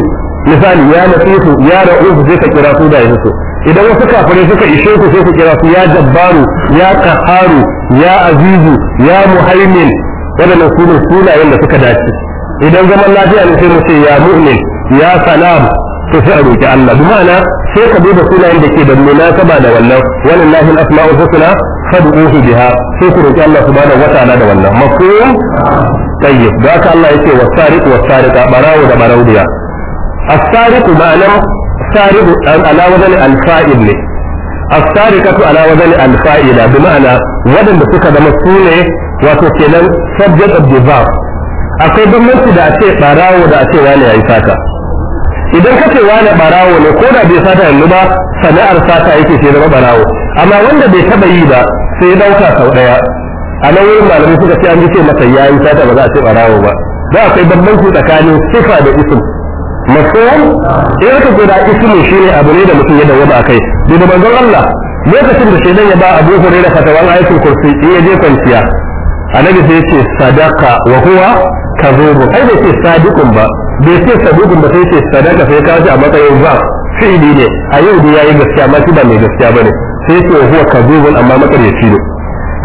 misali ya nasihu ya ra'uf sai ka kira su da su idan wasu kafirai suka ishe ku sai ku kira su ya jabbaru ya qaharu ya azizu ya muhaimin waɗannan su ne sunayen da suka dace idan zaman lafiya ne sai mu ce ya mu'min ya salam to sai a roƙi Allah bi ma'ana sai ka duba sunayen da ke da munasaba da wannan walillahi al-asma'ul husna fad'uhu biha sai ku roƙi Allah subhanahu wataala da wannan mafhum tayyib da haka Allah yake wasariq wasariqa barawo da barawdiya as-sariq ma'ana sariq ala wajen al-fa'il ne as-sariqatu ala wazani al-fa'ila bi ma'ana wadanda suka zama sune wato kenan subject of the verb akwai bambanci da a ce barawo da a ce wani yayi sata idan ka ce wani barawo ne ko da bai fata yanzu ba sana'ar sata yake sai zama barawo amma wanda bai taba yi ba sai ya dauka sau ɗaya, a nan wurin malamai suka ce an ji ce masa yayi sata ba za a ce barawo ba da akwai bambanci tsakanin sifa da isim mafhum sai ka guda ismu shine abu ne da mutum ya dawo ba kai daga manzon Allah lokacin da shaidan ya ba Abu Hurairah fatawan ayatul kursi in ya je kwanciya annabi sai ce sadaka wa huwa kazubu ai bai ce sadiqun ba bai ce sadiqun ba sai ce sadaka sai ka ji a matsayin ba fi'ili ne a yau da yayi gaskiya amma shi ba mai gaskiya bane sai ce huwa kazubun amma makaryaci ne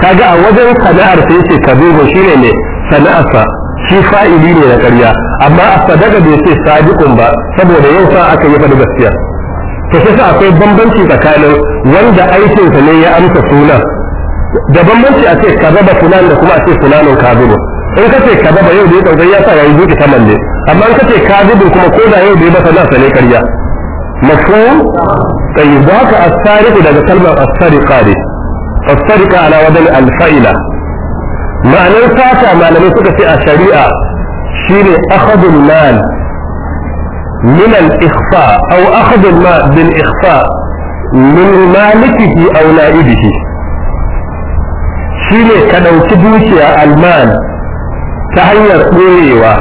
kaga a wajen sana'ar sai ce kazubun shine ne sana'arsa shi fa'ili ne na ƙarya amma a sadaka bai ce sadiqun ba saboda yau sa aka yi faɗi gaskiya to sai sa akwai bambanci tsakanin wanda aikinsa ne ya amsa sunan da bambanci a ce kazaba sunan da kuma a ce fulanun kazibu in ka ce kazaba yau da ya ɗauka ya sa yayi duki saman ne amma in ka ce kazibu kuma ko da yau da ya masa nasa ne ƙarya mafhum tayyib haka as-sariqu daga kalmar as-sariqa ne as-sariqa ala wadan al-fa'ila ma'anar fata malamai suka ce a shari'a shine akhadul mal min al-ikhfa aw akhadul ma bil ikhfa min malikihi aw na'ibihi shine ka dauki dukiya al-mal ta hanyar ɗorewa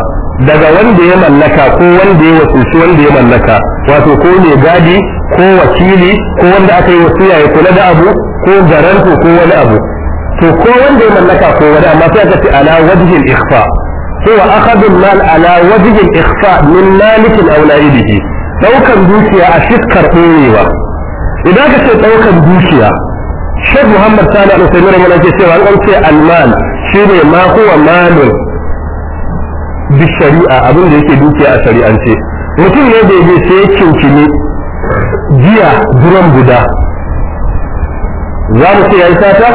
daga wanda ya mallaka ko wanda ya wasilci wanda ya mallaka wato ko ne gadi ko wakili ko wanda aka yi wasu ya kula da abu ko garanto ko wani abu to ko wanda ya mallaka ko wani amma sai aka ce ala wajhil ikhfa huwa akhadhu al-mal ala wajhil ikhfa min malik aw na'ibihi daukan dukiya a fiskar ɗorewa idan ka ce daukan dukiya Sheikh Muhammad Sani Al-Usaimir yana ce cewa an ce al-mal shine ma huwa malun bi shari'a abin da yake dukiya a shari'ance mutum ne da yake sai kinkini jiya duran guda za mu ce yayi sata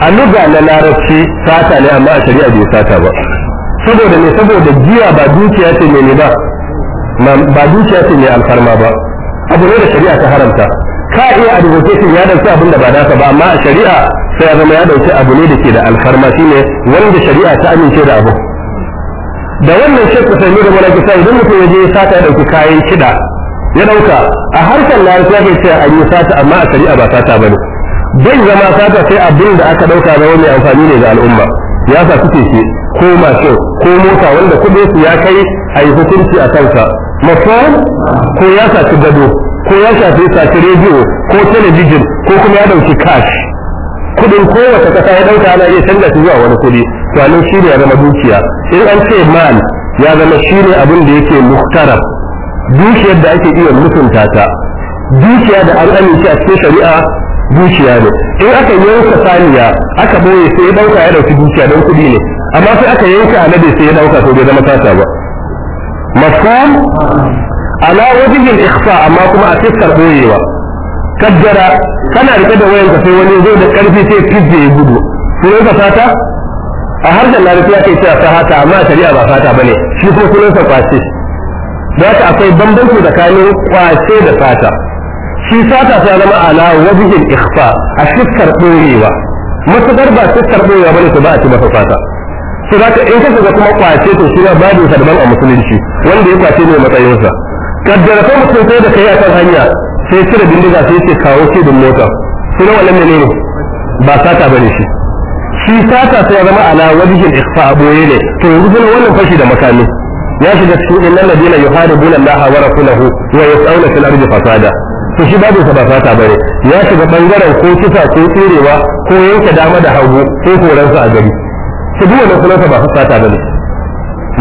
a luga na larabci sata ne amma a shari'a bai sata ba saboda ne saboda giya ba dukiya ce mai ba ba dukiya ce mai alfarma ba abu ne da shari'a ta haramta ka iya advocation ya dauki abin da ba nasa ba amma a shari'a sai ya zama ya dauki abu ne da ke da alfarma shine wanda shari'a ta amince da abu da wannan shekku sai ne da wani kisa idan mutum ya je ya sata ya dauki kayan shida ya dauka a harkar larabci ya ce a yi sata amma a shari'a ba sata ba ne bai zama sata sai abin da aka dauka na wani amfani ne ga al'umma ya sa suke ce ko mashin ko mota wanda kudin su ya kai a yi hukunci a kansa mafiyar ko ya sa ci gado ko ya sa sa saci rediyo ko talabijin ko kuma ya dauki cash kudin kowace kasa ya dauka ana iya canza shi zuwa wani kudi to anan shi ne ya zama dukiya in an ce man ya zama shi ne abin da yake muhtara dukiyar da ake iya mutunta ta dukiya da an amince a cikin shari'a dukiya ne in aka yanka saniya aka boye sai ya dauka ya dauki dukiya don kudi ne amma sai aka yanka alade sai ya dauka to bai zama tata ba mafhum ala wajibin ikhfa amma kuma a fiskar boyewa kaddara kana rike da ka sai wani zo da karfi sai fizge ya gudu sai ka fata a harshen larabci ya kai cewa sahata amma shari'a ba fata bane shi kuma kullun sa kwace da haka akwai bambanci tsakanin kwace da fata shi sata ta zama ala wajen ikhfa a fiskar ɗorewa matuƙar ba fiskar ɗorewa bane to ba a ci masa sata su za ka in ka shiga kuma kwace to shi ba babu sarban a musulunci wanda ya kwace ne matsayinsa kaddara ko mutum sai da kai a kan hanya sai cire bindiga sai ce kawo kidin mota suna wannan ne ne ba sata bane shi shi sata sai zama ala wajen ikhfa a boye ne to yanzu kuma wannan fashi da makami ya shiga cikin innal ladina yuharibuna allaha wa rasulahu wa yas'aluna fil ardi fasada to shi babu sa ba fata bare ya shiga bangaren ko kisa ko tsirewa ko yanke dama da hagu ko sa a gari shi duk wannan sunansa ba fata bare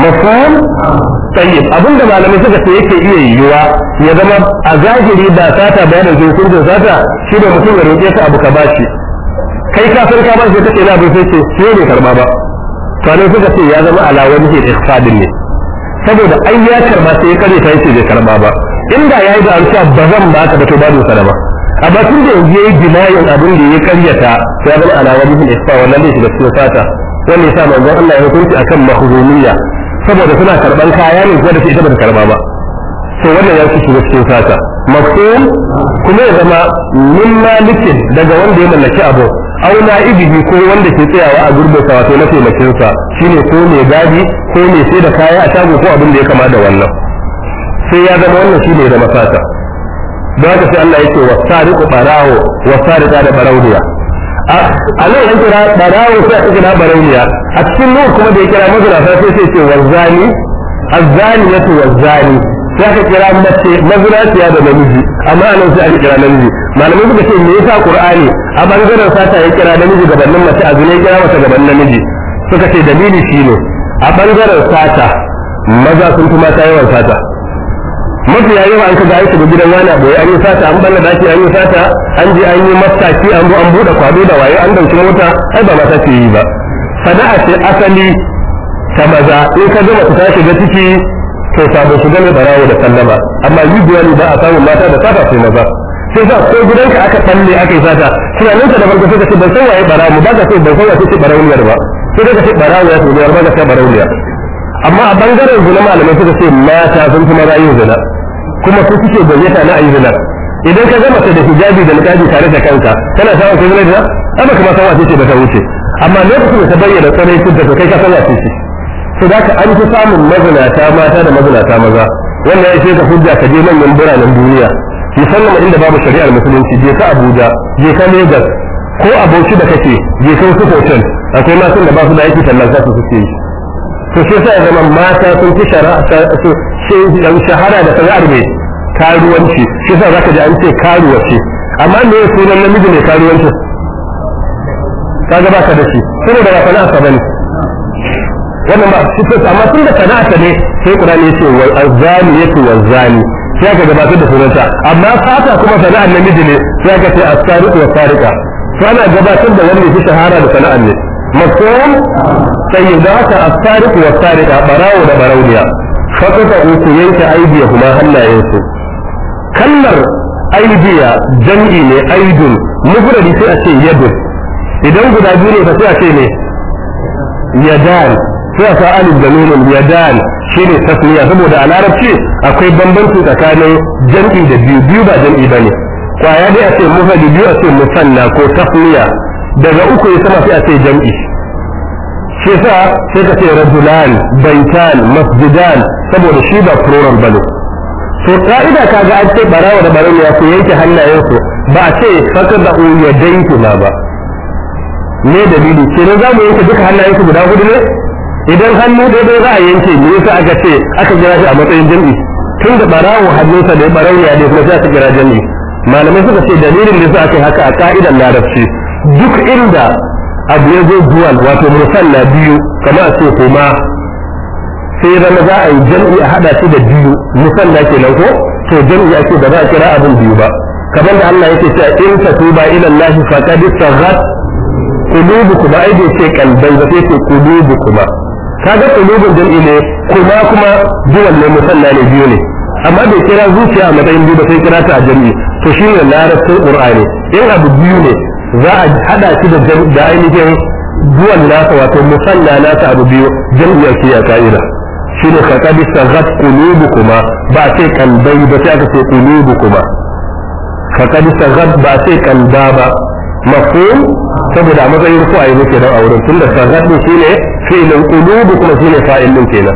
mafhum tayyib abinda malamai suka ce yake iya yiwuwa ya zama a zahiri da sata da hukuncin sata shi da mutum ya roƙe sa abu ka bashi kai ka ba ka bashi kace ina bai sai ce sai bai karba ba to suka ce ya zama ala wani ihsadin ne saboda ai ya karba sai ya kare ta yake bai karba ba inda yayi da amsa ba zan ba ka ba to babu ba a tun da yanzu yayi jima'in abin da ya karyata ya zama ala wajibin isfa wannan ne shiga cikin sata wannan yasa manzon Allah ya hukunci akan mahzumiyya saboda suna karban kaya ne ko da ita ba karɓa karba ba to wannan ya ci shiga cikin sata mafhum kuma ya zama min malikin daga wanda ya mallaki abu au na'ibihi ko wanda ke tsayawa a gurbinsa wato na taimakinsa shine ko mai gadi ko mai sai da kaya a shago ko abin da ya kama da wannan sai ya zama wannan shi ne da mafata, ba ka sai Allah yake wasariqu barawo wasariqa da barawniya a nan an kira barawo sai aka kira barawniya a cikin nur kuma da ya kira mazurafa sai sai ce wazani azzaniyatu wazani sai aka kira mace mazurafiya da namiji amma nan sai aka kira namiji malamai suka ce me yasa qur'ani a bangaren sata ya kira namiji gabanin mace a ya kira mace gabanin namiji suka ce dalili shine a bangaren sata maza sun fi mata yawan sata mafi yayin an ka gaya da gidan wani boye an yi sata an balla daki an yi sata an je an yi mataki an an buɗe kwado da waye an dauki mota ai ba mata ce yi ba sana'a ce asali ta maza in ka gama ta shiga ciki to sabon su gane barawo da sallama amma yi ne ba a samun mata da sata sai maza sai sa ko gidanka aka tsalle aka yi sata tunanin ka da farko sai ka ce ban san waye barawo ba ka ce ban san waye ce barawuniyar ba sai ka ce barawo ya ce ba ka ce barawuniyar amma a bangaren zina malamai suka ce mata sun fi maza yin zina kuma su suke gayyata na yi zina idan ka gama da hijabi da niqabi tare da kanka kana samun kai zina amma kuma san wace ce ba ta wuce amma lokacin da ta bayyana tsanai tun da kai ka san wace ce su da an fi samun mazinata mata da mazinata maza wannan ya ce ka hujja ka je manyan biranen duniya musamman inda babu shari'ar musulunci je ka Abuja je ka Lagos ko aboki da kake je ka wasu hotel akwai masu da ba su da aiki za su suke yi to shi zaman mata sun fi sai shahara da sana'ar mai karuwanci shi yasa zaka ji an ce karuwa ce amma me ya sunan namiji ne karuwanci kaga baka da shi saboda da sana'a ta bane wannan ba shi sai amma tunda sana'a ta ne sai Qur'ani yace wal azani yatu wal zani sai aka gabatar da sunanta amma fata kuma sana'ar namiji ne sai aka ce as-sariqu wa sariqa kana gabatar da wanda yake shahara da sana'ar ne mafhum sai da haka as-sariqu wa sariqa barawo da barauniya fasata uku ku yanke aibiya kuma hannayensu kalmar aibiya jam'i ne aidun mufradi sai a ce yadun idan guda biyu ne sai a ce ne yadan sai a sa alif da yadan shine tasmiya saboda a larabci akwai bambanci tsakanin jam'i da biyu biyu ba jam'i bane kwaya dai a ce mufradi biyu a ce musanna ko tasmiya daga uku ya sama sai a ce jam'i shi sa sai ka ce rajulan baitan masjidan saboda shi ba furoran bane to ka'ida kaga an ce barawa da barawa su yanke hannayen su ba a ce fakar da danki na ba ne dalili kenan za mu yanke duka hannayen su guda hudu ne idan hannu daidai za a yanke ne yasa aka ce aka gira shi a matsayin jam'i tun da hannun hannunsa da barawa ya ne kuma sai aka jira jam'i malamai suka ce dalilin da za a haka a ka'idan larabci duk inda abu ya zo dual wato musalla biyu kama a ce kuma sai zama za a yi jam'i a hada shi da biyu musalla ke ko to jam'i ce da za a kira abin biyu ba kamar da Allah yake cewa in tuba ila Allah faqad saghat qulubukum ai bai ce kan dan sai ce qulubukum kaga qulubun jam'i ne kuma kuma dual ne musalla ne biyu ne amma bai kira zuciya a matsayin biyu ba sai kira ta a jam'i to ne larabcin qur'ani in abu biyu ne za a hada shi da ainihin duwan nasa wato na nasa abu biyu jam'iyyar shi ya ka'ida shi ne ka kadi sagat kulubu kuma ba a ce kalbai ba sai aka ce kulubu kuma ka kadi sagat ba a ce kalba ba mafhum saboda a matsayin ku a yi muke a auren tun da sagat ne filin fi'ilin kulubu kuma ne fa'il din kenan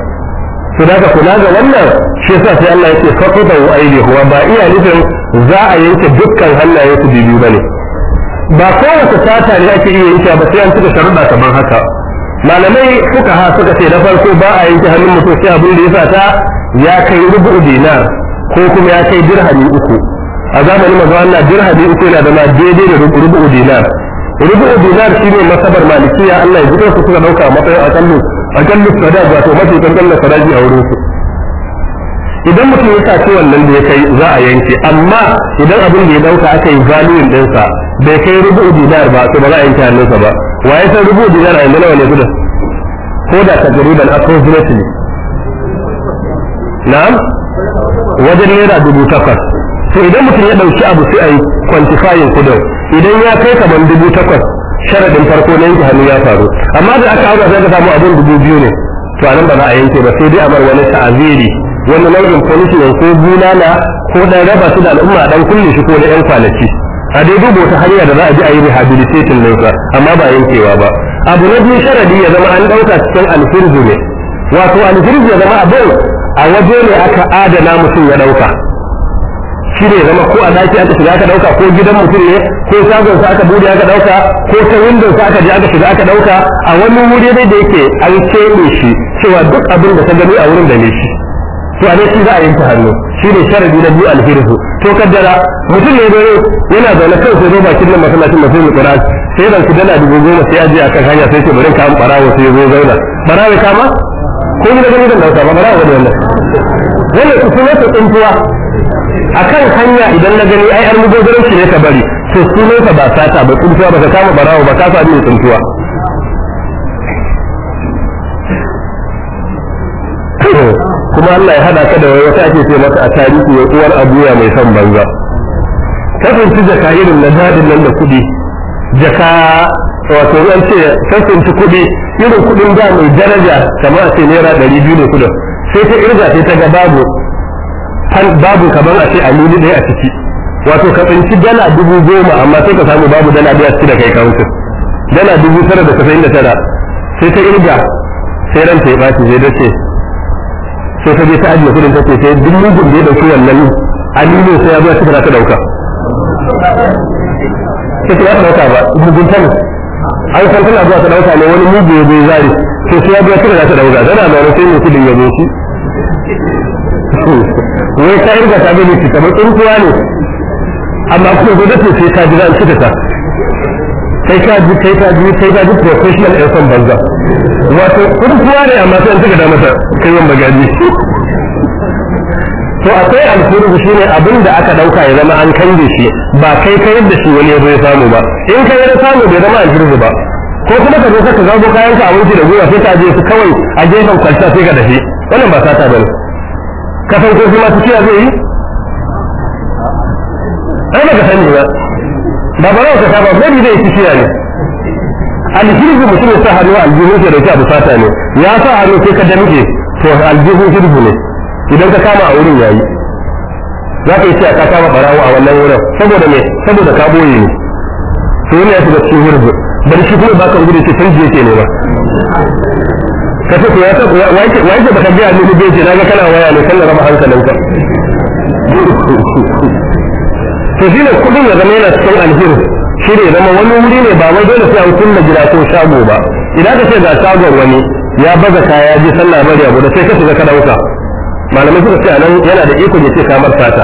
su da kula ga wannan shi yasa sai Allah yake fakuta wa aidi huwa ba iya nufin za a yanke dukkan hannayen su ba ne. ba kowace sata ne ake iya yanke ba sai an cika sharuɗa kamar haka malamai suka ha suka ce na farko ba a yanke hannun mutum sai abin da ya sata ya kai rubu dinar ko kuma ya kai dirhami uku a zamanin manzo Allah dirhami uku yana da ma daidai da rubu dinar rubu dinar ne masabar malikiya Allah ya ji su suka ɗauka a matsayin akallu akallu sadaq wato mafi kankan faraji a wurin su idan mutum ya sa saci wannan da ya kai za a yanke amma idan abin da ya ɗauka aka yi valuyin ɗinsa bai kai rubu dinar ba to ba za a yanke hannunsa ba wa ya san rubu dinar a yanzu nawa ne kudin ko da tajriban approximately na'am wajen naira dubu takwas to idan mutum ya dauki abu sai a yi quantifying kudin idan ya kai kaman dubu takwas sharadin farko na yanke hannu ya faru amma da aka hauka sai ka samu abin dubu biyu ne to a nan ba za a yanke ba sai dai a bar wani ta'aziri wani nau'in punishment ko bunana ko dan raba su da al'umma dan kulle shi ko da yan kwanaki a dai duba wata hanya da za a bi a yi rehabilitation ɗinsa amma ba yankewa ba abu na biyu sharadi ya zama an ɗauka cikin alfirzu ne wato alfirzu ya zama abin a waje ne aka adana mutum ya ɗauka shi ne zama ko a daki aka shiga aka ɗauka ko gidan mutum ne ko sa aka bude aka ɗauka ko ta sa aka je aka shiga aka ɗauka a wani wuri dai da yake an keɓe shi cewa duk abin da ta gani a wurin da ne shi to a dai shi za a yanke hannu shine sharadi na biyu alhirsu to kaddara mutum ne dole yana zaune kan sai zo bakin nan masallacin masu mu qira'a sai ban ki dala dubu goma sai aje akan hanya sai ce bari ka an barawo sai zo zauna barawo kama ko ni da gani dan dauka ba barawo ne wannan wannan su sunan su tsuntuwa akan hanya idan na gani ai an mugogarin shi ne ka bari to sunan ka ba sata ba tsuntuwa ba ka kama barawo ba ka sami tsuntuwa kuma Allah ya hada ka da wani wata ake ce masa a tarihi ya uwar abuya mai son banza kasance jaka irin na dadin nan da kuɗi jaka wato an ce kasance kuɗi irin kuɗin da mai daraja kamar a ce naira ɗari biyu ne kuɗin sai ta irga sai ta ga babu babu kamar a ce a nuni ɗaya a ciki wato ka tsinci dala dubu goma amma sai ka samu babu dala biyar a ciki da kai kawuncin dala dubu tara da casa'in da tara sai ta irga sai ranta ya ɓaci zai dace sai ta je ta ajiye kudin ta ce sai duk mugun da ya dauki wannan aminu sai ya zo ta fara ta dauka sai ta ya dauka ba mugun ta ne an san tana zuwa ta dauka ne wani mugu ya zo zari sai sai ya zo ta ta dauka tana da wani sai ne kudin ya zoci shi wai ta irga ta bane ki kamar tsuntuwa ne amma kuma gwamnati sai ta jira an cika ta kai ka ji kai ka ji kai ka ji professional ɗan son banza wato kurkuwa ne amma sai an tuka da masa kai yin gaji, to akwai alfuru shine ne abin da aka ɗauka ya zama an kange shi ba kai ka yadda shi wani ya zo ya samu ba in ka ya samu bai zama alfuru ba ko kuma ka zo ka zago kayan ka abinci da gwiwa sai ka je su kawai a gefen kwalta sai ka dafe wannan ba sata bane ka san ko kuma su kiyaye zai yi ai ba ka sani ba ba ba ka saba gani zai ci shiya ne alhirbu mutum sai sa hannu aljihu ke da ta busata ne ya sa hannu sai ka damke to aljihu hirbu ne idan ka kama a wurin yayi za ka yi ka kama barawo a wannan wurin saboda me saboda ka boye ne to ne ya shiga cikin hirbu dan shi kuma ka gudu ce canji yake ne ba ka ce ko ya sa wai ke baka biya ne bai ce daga kana waya ne kan rama hankalinka to shi kudin ya zama yana cikin alhiru shi ne zama wani wuri ne ba wai dole sai an da gida ko shago ba idan ka ce ga shagon wani ya baza kaya ji sallah bari abu da sai ka shiga ka wuta malamai suka ce anan yana da iko ya ce ka sata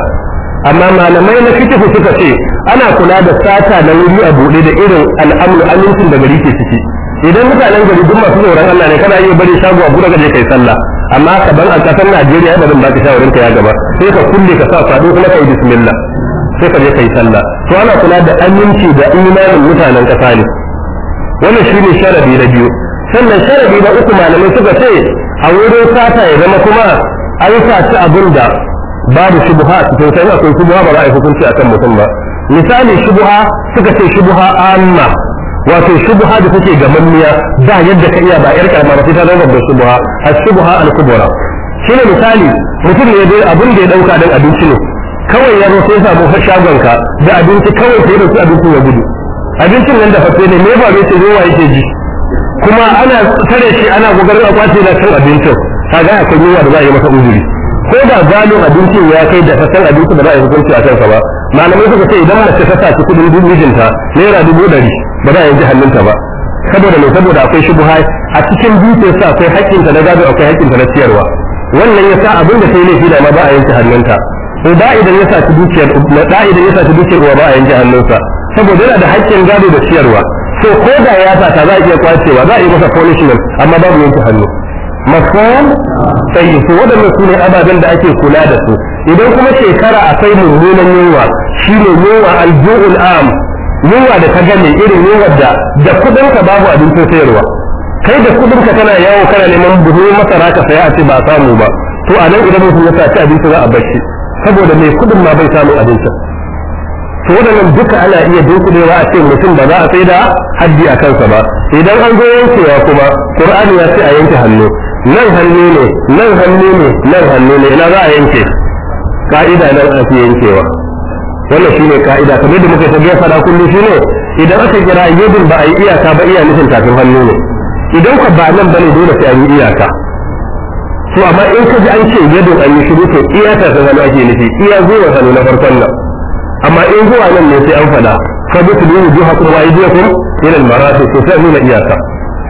amma malamai na fikihu suka ce ana kula da sata na wuri a buɗe da irin al'amu amincin da gari ke ciki idan mutanen gari duk masu tsoron Allah ne kana iya bari shago a buɗe kaje kai sallah amma ka ban a ƙasar Najeriya da zan baki shawarin ka ya gaba sai ka kulle ka sa fado kuma kai bismillah sai ka je kai sallah to ana kula da aminci da imanin mutanen kasa ne wannan shine sharadi na biyu sannan sharadi na uku malamai suka ce a wurin sata ya zama kuma an saci abin da babu shubuha cikin sai akwai shubuha ba za a yi hukunci akan mutum ba misali shubuha suka ce shubuha amma wato shubuha da take manniya ba yadda ka iya ba yar karma ba sai ta zama da shubuha as-shubuha al-kubra shine misali mutum ne dai abin da ya dauka dan abinci ne kawai ya zo sai samu shagon ka da abinci kawai sai da su abincin ya gudu abincin nan da fa ne me ba ce zo waye ke ji kuma ana tare shi ana gogar a kwace na cin abincin kaga akwai yunwa da za a yi masa uzuri ko ba zalun abincin ya kai da fasar abincin da za a yi hukunci a kansa ba malamai suka ce idan mace ta saki kudin mijinta naira dubu ɗari ba za a yanke hannunta ba saboda mai saboda akwai shubuha a cikin dutse sa akwai haƙƙinta na gado akwai haƙƙinta na ciyarwa wannan ya sa abin da ta yi laifi da ma ba a yanke hannunta ko da idan ya saci dukiyar da idan ya dukiyar wa ba a yanke hannunsa saboda yana da hakkin gado da ciyarwa so ko da ya sata za a iya kwacewa za a yi masa punishment amma babu yanke hannu mafhum sai so waɗannan su ne ababen da ake kula da su idan kuma shekara a akwai mummunan yunwa shine yunwa aljuhul am yunwa da ka gane irin yunwa da da kudin babu abincin sayarwa kai da kudin ka kana yawo kana neman buhu masara ka saya a ce ba samu ba to a nan idan mutum ya saci abinci za a bar saboda mai kudin ma bai samu abincin to wadannan duka ana iya dunkulewa a ce mutum ba za a sai da haddi a kansa ba idan an zo yankewa kuma qur'ani ya ce a yanke hannu nan hannu ne nan hannu ne nan hannu ne ina za a yanke ka'ida nan a fi yankewa wannan shine ka'ida kamar da muka tabbata fara kullu shine idan aka kira yadin ba a yi iyaka ba iya nufin tafin hannu ne idan ka ba nan bane dole sai an yi iyaka to amma in ka ji an ce yadda an yi shiru to iya tafin hannu ake nufi iya zuwa hannu na farkon nan amma in zuwa nan ne sai an faɗa fa bi su yi juha kuma yi juha kuma marasi to sai nuna iyaka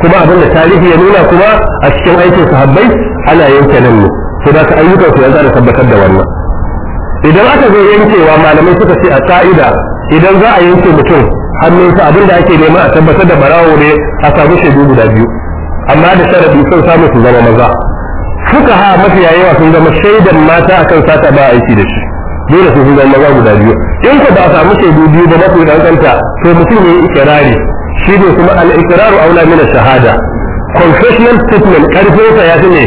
kuma abin da tarihi ya nuna kuma a cikin aikin sahabbai ana yanke nan ne to da ka ayyuka su yanzu ana tabbatar da wannan idan aka zo yankewa malamai suka ce a sa'ida idan za a yanke mutum hannunsa abin da ake nema a tabbatar da barawo ne a samu shaidu guda biyu amma da sharadi sun samu su zama maza suka ha mafi yawa sun zama shaidan mata akan sata ba aiki da shi dole sun zama maza guda biyu in ka ba a samu shaidu biyu da mafi danganta to mutum ya ikirari shi ne kuma al-iqraru aula min shahada confessional statement karfe sa ya fi ne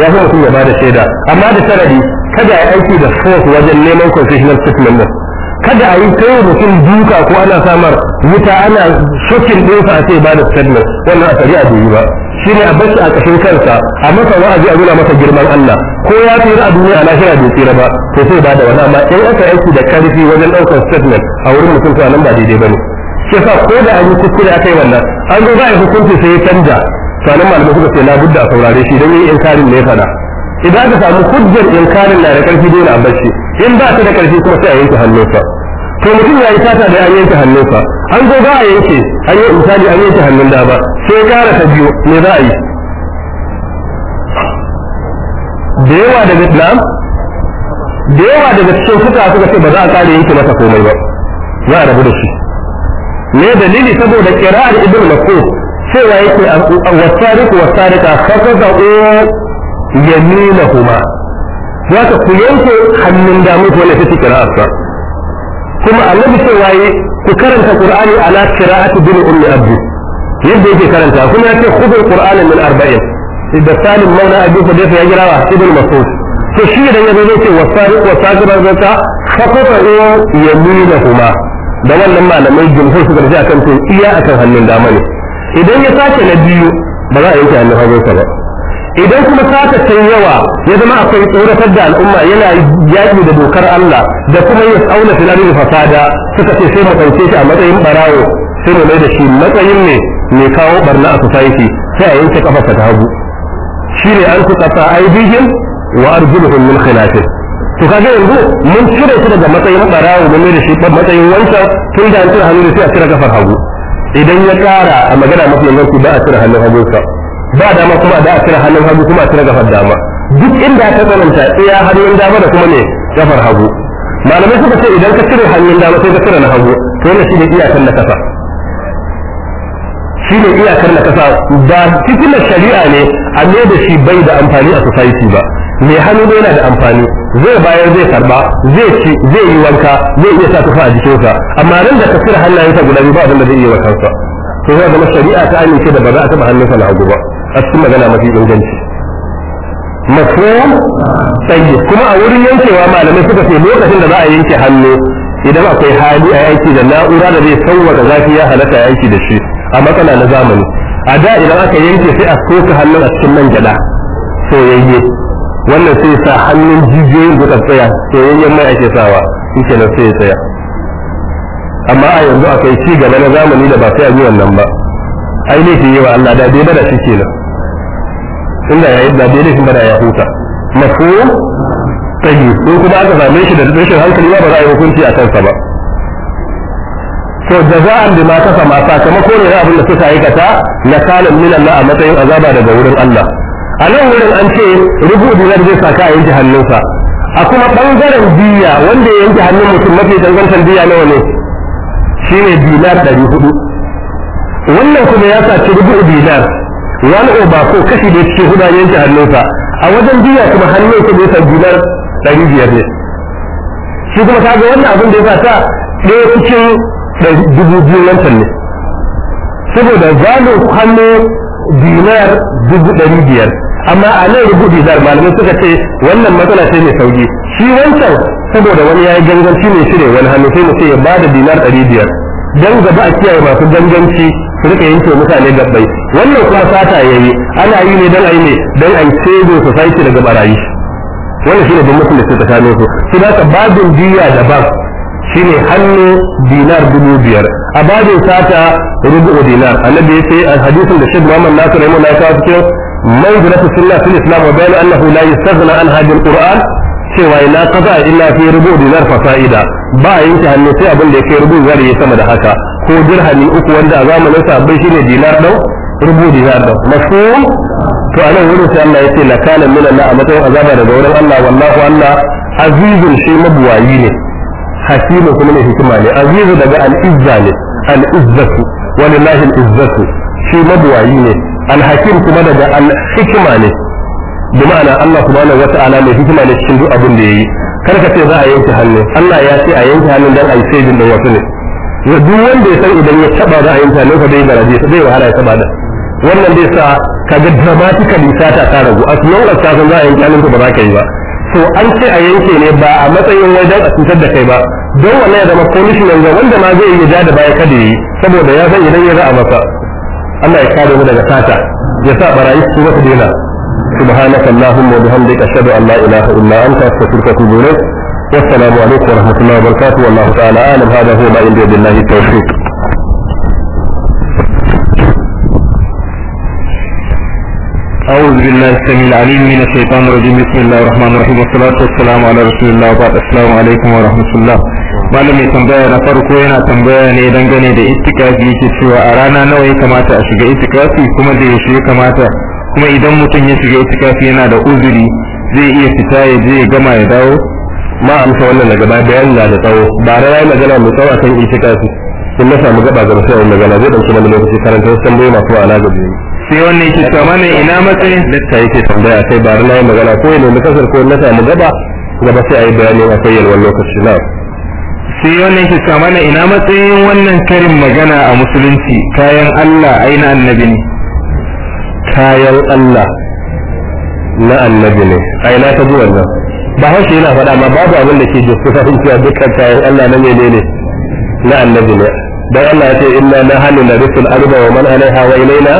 ya fi mutum ya ba da shaida amma da sarari kada ya aiki da force wajen neman confessional statement din kada a yi kai mutum duka ko ana samar wuta ana shokin ɗinsa a ce ba da statement wannan a tari a ba shine a bashi a kashin kansa a masa wa'azi a nuna masa girman Allah ko ya tsira a duniya a lahira bai tsira ba to sai ba da wani amma in aka aiki da karfi wajen ɗaukar statement a wurin mutum to nan ba daidai bane shi sa ko da an yi kuskure aka yi wannan an zo za a yi hukunci sai ya canja sanin malamai suka ce la budda a saurare shi don yin inkarin ne fada idan aka samu hujjar inkarin na da karfi dole a in ba ta da karfi kuma sai a yanke hannunsa to mutum ya yi sata da an yanke hannunsa an zo ba a yanke an yi misali an yanke hannun da ba sai kara ta biyu me za a yi da yawa daga na'am da yawa daga cikin suka suka ce ba za a kare yanke masa komai ba za a rabu da shi me dalili saboda kira'ar ibn mas'ud cewa yake wasariku wasarika fakaza o yamina kuma za ka ku yanke hannun damu ko ne take kira'arsa kuma annabi cewa yi ku karanta qur'ani ala qira'ati bin ummi abdi yadda yake karanta kuma ya ce khudul qur'ana min arba'in da salim maula abi hudayfa ya jira wa ibn mas'ud to shi idan ya zo ce wasariq wa sajira zata fakata yamina kuma da wannan malamai jumhur suka a kan to iya akan hannun dama ne idan ya sace na biyu ba za a yanke hannun hagunsa ba idan kuma sata ta yawa ya zama akwai tsoratar da al'umma yana yaki da dokar Allah da kuma ya auna filarin fasada suka ce sai mu sance shi a matsayin barawo sai mu mai da shi matsayin ne mai kawo barna a society sai a yanke kafarsa ta hagu ne an ku tsatsa aibihim wa arjuluhum min khilaf to kaga yanzu mun cire shi daga matsayin barawo mun da shi matsayin wancan tun da an cire hannu sai a cire kafar hagu idan ya kara a magana mafi yanzu ba a cire hannun hagu hagunsa ba dama kuma da a cire hannun hagu kuma a cire kafar dama duk inda ta tsananta iya hannun dama da kuma ne kafar hagu malamai suka ce idan ka cire hannun dama sai ka cire na hagu to wannan ne iyakan na kafa shi ne iyakar da kasa ba cikin shari'a ne a ne da shi bai da amfani a society ba mai hannu yana da amfani zai bayar zai karba zai ci zai yi wanka zai iya sa tufa a jikinsa amma nan da hannayen sa guda biyu ba abin da zai iya wa kansa to zai shari'a ta amince da ba za a taba hannunsa na hagu ba a cikin magana mafi inganci mafhum tsaye kuma a wurin yankewa malamai suka ce lokacin da za a yanke hannu idan akwai hali a yanki da na'ura da zai sauwaka zafi ya halatta yanki da shi a matsala na zamani a da idan aka yanke sai a soka hannun a cikin man gyada soyayye wannan sai sa hannun jijiyoyin duka tsaya soyayyen mai ake sawa shi nan sai ya tsaya amma a yanzu akwai ci gaba na zamani da ba sai a yi wannan ba ai laifi yi wa Allah da dai bada shi nan inda yi da dai laifin bada ya huta mafi tsayi ko kuma aka same shi da rashin hankali ba ba za a yi hukunci a kansa ba to jaza'an bi ma kasama sakamako ne abin da suka aikata na kalan min Allah a matsayin azaba daga wurin Allah a nan wurin an ce rubu da zai saka a yanke hannunsa a kuma bangaren biya wanda ya yanke hannun mutum mafi dangantar biya nawa ne shine dinar dari hudu wannan kuma ya ci rubu dinar wani oba ko kashi da cikin hudu yanke hannunsa a wajen biya kuma hannun su ne san dinar dari biyar ne shi kuma kaga wannan abin da ya sa ta ɗaya cikin dubu biyu wancan ne saboda zalo hannu dinar dubu ɗari biyar amma a nan rubu dinar malamai suka ce wannan matsala sai mai sauki shi wancan saboda wani ya yi ganganci mai shirya wani hannu sai mu ce ya bada dinar ɗari biyar don gaba a kiyaye masu ganganci su rika yanke mutane gabbai wannan kuma sata ya yi ana yi ne don a yi ne don a yi sego daga barayi wannan shi ne don mutum da su tsakanin su su da babin diya daban shine hannu dinar dubu biyar a bajin sata rubu dinar annabi yace a hadisin da Sheikh Muhammad Nasir rahimahu Allah ta cikin manzilatu sunna fil islam wa bayan annahu la yastaghna an hadhihi alquran cewa ila qada illa fi rubu dinar fasaida ba yanke hannu sai abin da yake rubu zari ya sama da haka ko dirhami uku wanda a zamanin sa bai shine dinar dau rubu dinar dau mafhum to anan wurin sai Allah yace la kana min Allah a matsayin azaba daga wurin Allah wallahu Allah azizun shi mabuwayi ne hakimu kuma mai hikima ne azizu daga al'izza ne al'izzatu walillahi al'izzatu shi mabuwayi ne alhakim kuma daga al'hikima ne bi Allah subhanahu wata'ala mai hikima ne cikin duk abin da yayi kar ka ce za a yanke hannu Allah ya ce a yanke hannun dan ai sai da wasu ne ya duk wanda ya san idan ya taba za a yanke hannun ka dai garaje sai wahala ya taba da wannan dai sa kaga dramatically sata ta ragu a long as za a yanke hannun ka ba ka yi ba to an ce a yanke ne ba a matsayin dan a cutar da kai ba don wannan ya zama ga wanda ma zai yi ja da baya kada yi saboda ya san idan ya za a masa Allah ya kare mu daga sata ya sa barayi su wata dena subhanaka allahumma wa bihamdika ashhadu an la ilaha illa anta astaghfiruka wa atubu ilayk والسلام عليكم ورحمة الله وبركاته والله تعالى أعلم هذا هو ما عندي بالله التوفيق أعوذ بالله السميع العليم من الشيطان الرجيم بسم الله الرحمن الرحيم والصلاة والسلام على رسول الله وبعد السلام عليكم ورحمة الله malam mai tambaya na farko yana tambaya ne dangane da istikafi yake cewa a rana nawa ya kamata a shiga istikafi kuma da yaushe ya kamata kuma idan mutum ya shiga istikafi yana da uzuri zai iya fita ya je ya gama ya dawo ma amsa wannan na gaba bayan na da tsawo ba na yayi magana mai tsawo akan istikafi sun na samu gaba ga sai magana zai dauki wani lokaci karanta wasu tambayoyi masu alaƙa da sai wannan yake cewa mana ina matsayin dakta yake tambaya sai ba na yi magana ko ne kasar ko na samu gaba gaba sai a yi bayani a kai yalwar lokaci na sai wannan yake cewa mana ina matsayin wannan karin magana a musulunci kayan Allah aina annabi ne kayan Allah na annabi ne aina ta ji wannan ba hausa yana faɗa ma babu abin da ke jikin cewa dukkan kayan Allah na menene na annabi ne dan Allah ya ce inna nahnu narisul arda wa man alaiha wa ilaina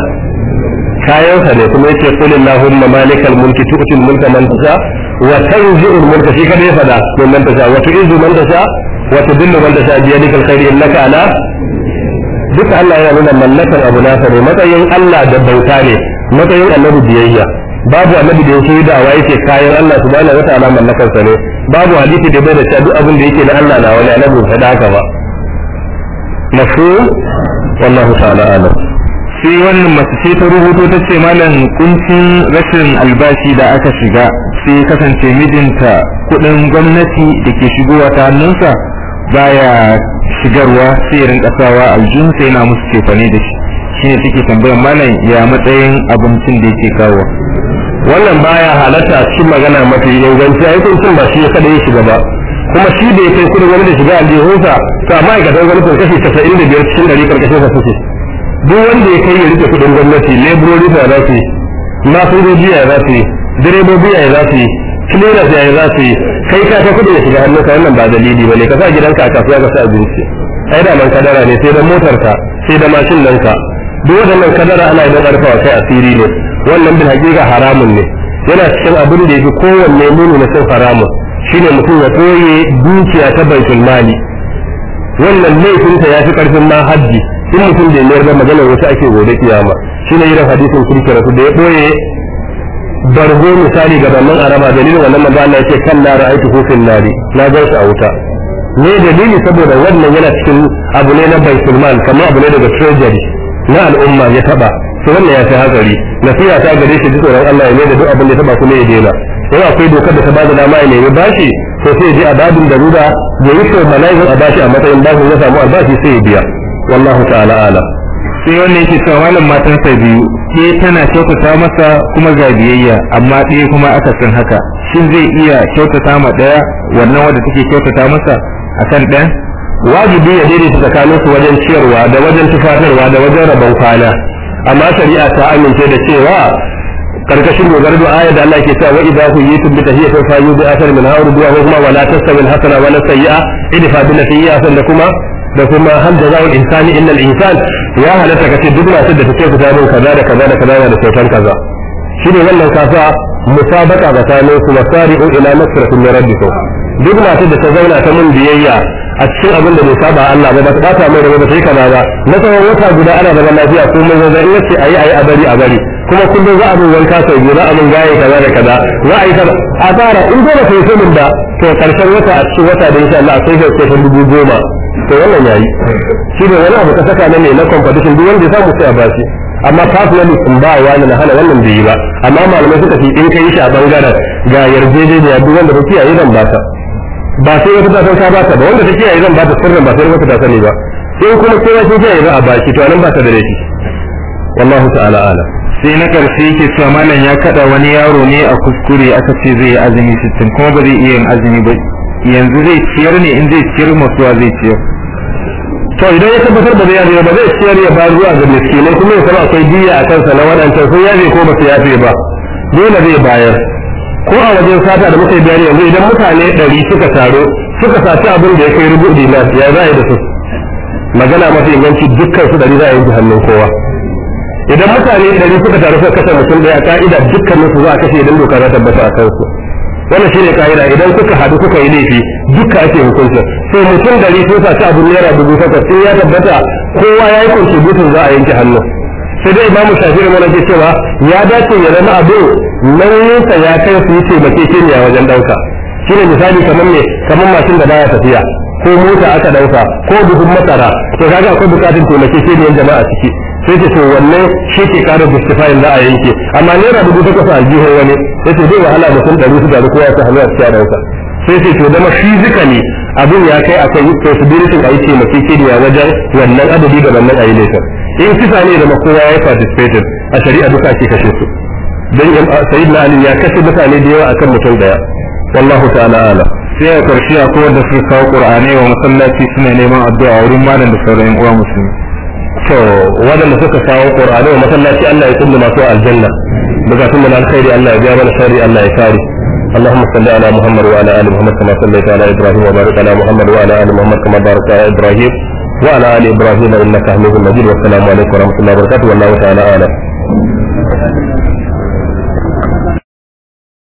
kayansa ne kuma yace qul allahumma malikal mulki tu'til mulka man tasha wa tanzi'ul mulka shi kada ya fada to man tasha wa tu'izzu man tasha wa tudillu man tasha bi yadika alkhair innaka ala duka Allah yana nuna mallakar abu nasa ne matsayin Allah da bauta ne matsayin annabi biyayya babu annabi da yake da waye ke kayan Allah subhanahu wa ta'ala mallakar sa ne babu hadisi da bai da cewa duk abin da yake na Allah na wani annabi fada haka ba mafhum wallahu ta'ala alam sai wannan masu ce ta rubuto ta ce malam kuncin rashin albashi da aka shiga sai kasance mijinta kudin gwamnati da ke shigowa ta hannunsa baya shigarwa sai rinka sawa aljihun sai na musu cefane da shi shine suke tambayar malam ya matsayin abincin da yake kawo wannan baya halatta cikin magana mafi inganci ai kuncin ba shi ya kada ya shiga ba kuma shi da ya kai kudin gwamnati shiga aljihunsa sa ma'aikatan gwamnatin kashi 95 cikin 100 karkashin sa suke duk wanda ya kai ya rike kudin gwamnati laborori ta za su yi a ya za su yi direbobi ya za su yi kilera ya za su yi kai ka ta kudin ya shiga ka wannan ba dalili ba ne ka sa gidanka a kasuwa ka sa abinci ai da man kadara ne sai da motarka sai da mashin nanka ka duk waɗannan kadara ana idan sai kai asiri ne wannan bil hakika haramun ne yana cikin abin da ya fi kowanne muni na cin haramun shine mutum ya koye dukiya ta baitul mali wannan laifinta ya fi karfin ma in mutum da yi da maganar wasu ake gobe kiyama shine irin hadisin kirkira su da ya boye bargo misali ga bannan araba dalilin wannan manzo Allah yake kan na ra'aytu hu nari na ga shi a wuta ne dalili saboda wannan yana cikin abu ne na baitul kamar abu ne daga treasury na al'umma ya taba to wannan ya fi hatsari nasiha ta gare shi duk tsoron Allah ya ne da duk abin da ya taba kuma ya daina Yau akwai dokar da ta bada dama ya nemi bashi to sai ya je a babin da ruda ya yi formalizing a bashi a matsayin bashin ya samu albashi sai ya biya wallahu ta'ala ala sai wanda yake cewa malam matarsa biyu ke tana kyautata masa kuma ga biyayya amma ɗaya kuma akasin haka shin zai iya kyautata ma ɗaya wannan wanda take kyautata masa akan ɗaya wajibi ya daidaita tsakanin su wajen ciyarwa da wajen tufatarwa da wajen rabon kwana amma shari'a ta amince da cewa karkashin dogaro da ayar da Allah ke cewa wa idza huyitum bi tahiyatin fa yubi asar min hawr duwa kuma wala tasawil hasana wala sayyi'a idfa billati hiya da kuma da kuma hal jaza'ul insani innal insan ya halatta kace duk masu da take fita min kaza da kaza da kaza da sautan kaza shine wannan kasa musabaka tsakanin su wasari'u ila masratin min rabbikum duk masu da ta zauna ta mun biyayya a cikin abin da bai saba Allah ba ba ta bata mai da ba ta yi kaza ba na tsawon wata guda ana zaman lafiya ko mun zai yace ayi ayi a bari a bari kuma kullum za a mun wanka sau biyu za a mun gaye kaza da kaza za a yi kaza a bara in dole sai mun da to karshen wata a cikin wata da insha Allah sai sai dubu goma to wannan yayi shi ne wani abu ka saka na ne na competition duk wanda ya samu sai a shi amma personally sun ba wa na hana wannan bai yi ba amma malamai suka ce in kai shi a bangaren ga yarjejeniya duk wanda ba kiyaye zan ta ba sai wata tasan ka ba ta ba wanda ta kiyaye zan ta sirrin ba sai wata ta sani ba sai kuma kowa sun kiyaye za a shi to nan ba ta da laifi wallahu ta'ala ala sai na karshe yake cewa malam ya kada wani yaro ne a kuskure aka ce zai yi azumi 60 kuma ba zai iya yin azumi ba yanzu zai ciyar ne in zai ciyar masuwa zai ciyar to idan ya tabbatar da zai ba zai ciyar ya ba zuwa ga miskinai kuma ya saba akwai diya a kansa na waɗancan sun yafe ko ba su yafe ba dole zai bayar ko a wajen sata da muka yi bayani yanzu idan mutane ɗari suka taro suka sace abin da ya kai rubu dinar ya za a yi da su magana mafi inganci dukkan su ɗari za a yi hannun kowa idan mutane ɗari suka taru suka kashe mutum ɗaya ka'ida dukkaninsu za a kashe idan doka za ta tabbata a kansu wannan shine ka'ida idan kuka hadu kuka yi laifi duka ake hukunta so mutum dari sun saci abu naira dubu takwas sai ya tabbata kowa ya yi contribution za a yanke hannu sai dai imamu shafi'i mana ke cewa ya dace ya zama abu nauyinsa ya kai su yi taimake a wajen ɗauka shine misali kamar ne kamar mashin da baya tafiya ko mota aka ɗauka ko buhun masara to kaga akwai bukatun taimakekeniyan jama'a ciki sai ce to wannan shi ke kara justifayin da a yanke amma naira dubu takwas a jiho wani sai ce zai wahala da sun ɗari su da kowa ta hannu a cikin sai ce to dama physically abin ya kai akan possibility a yi ya wajen wannan adadi da wannan a yi laifin in kisa ne da kowa ya participated a shari'a duka ake kashe su don sayid na ali ya kashe mutane da yawa akan mutum daya wallahu ta'ala sai a karshe a kowar da suka kawo qur'ani wa masallaci suna neman addu'a wurin malam da sauran uwa musulmi to waɗanda suka kawo ƙur'ani wa masallaci Allah ya kullu masu aljanna bukatun mu na alkhairi Allah ya biya mana sharri Allah ya kare اللهم صل على محمد وعلى ال محمد كما صليت على ابراهيم وبارك على محمد وعلى ال محمد كما باركت على ابراهيم وعلى ال ابراهيم انك حميد مجيد والسلام عليكم ورحمه الله وبركاته والله تعالى اعلم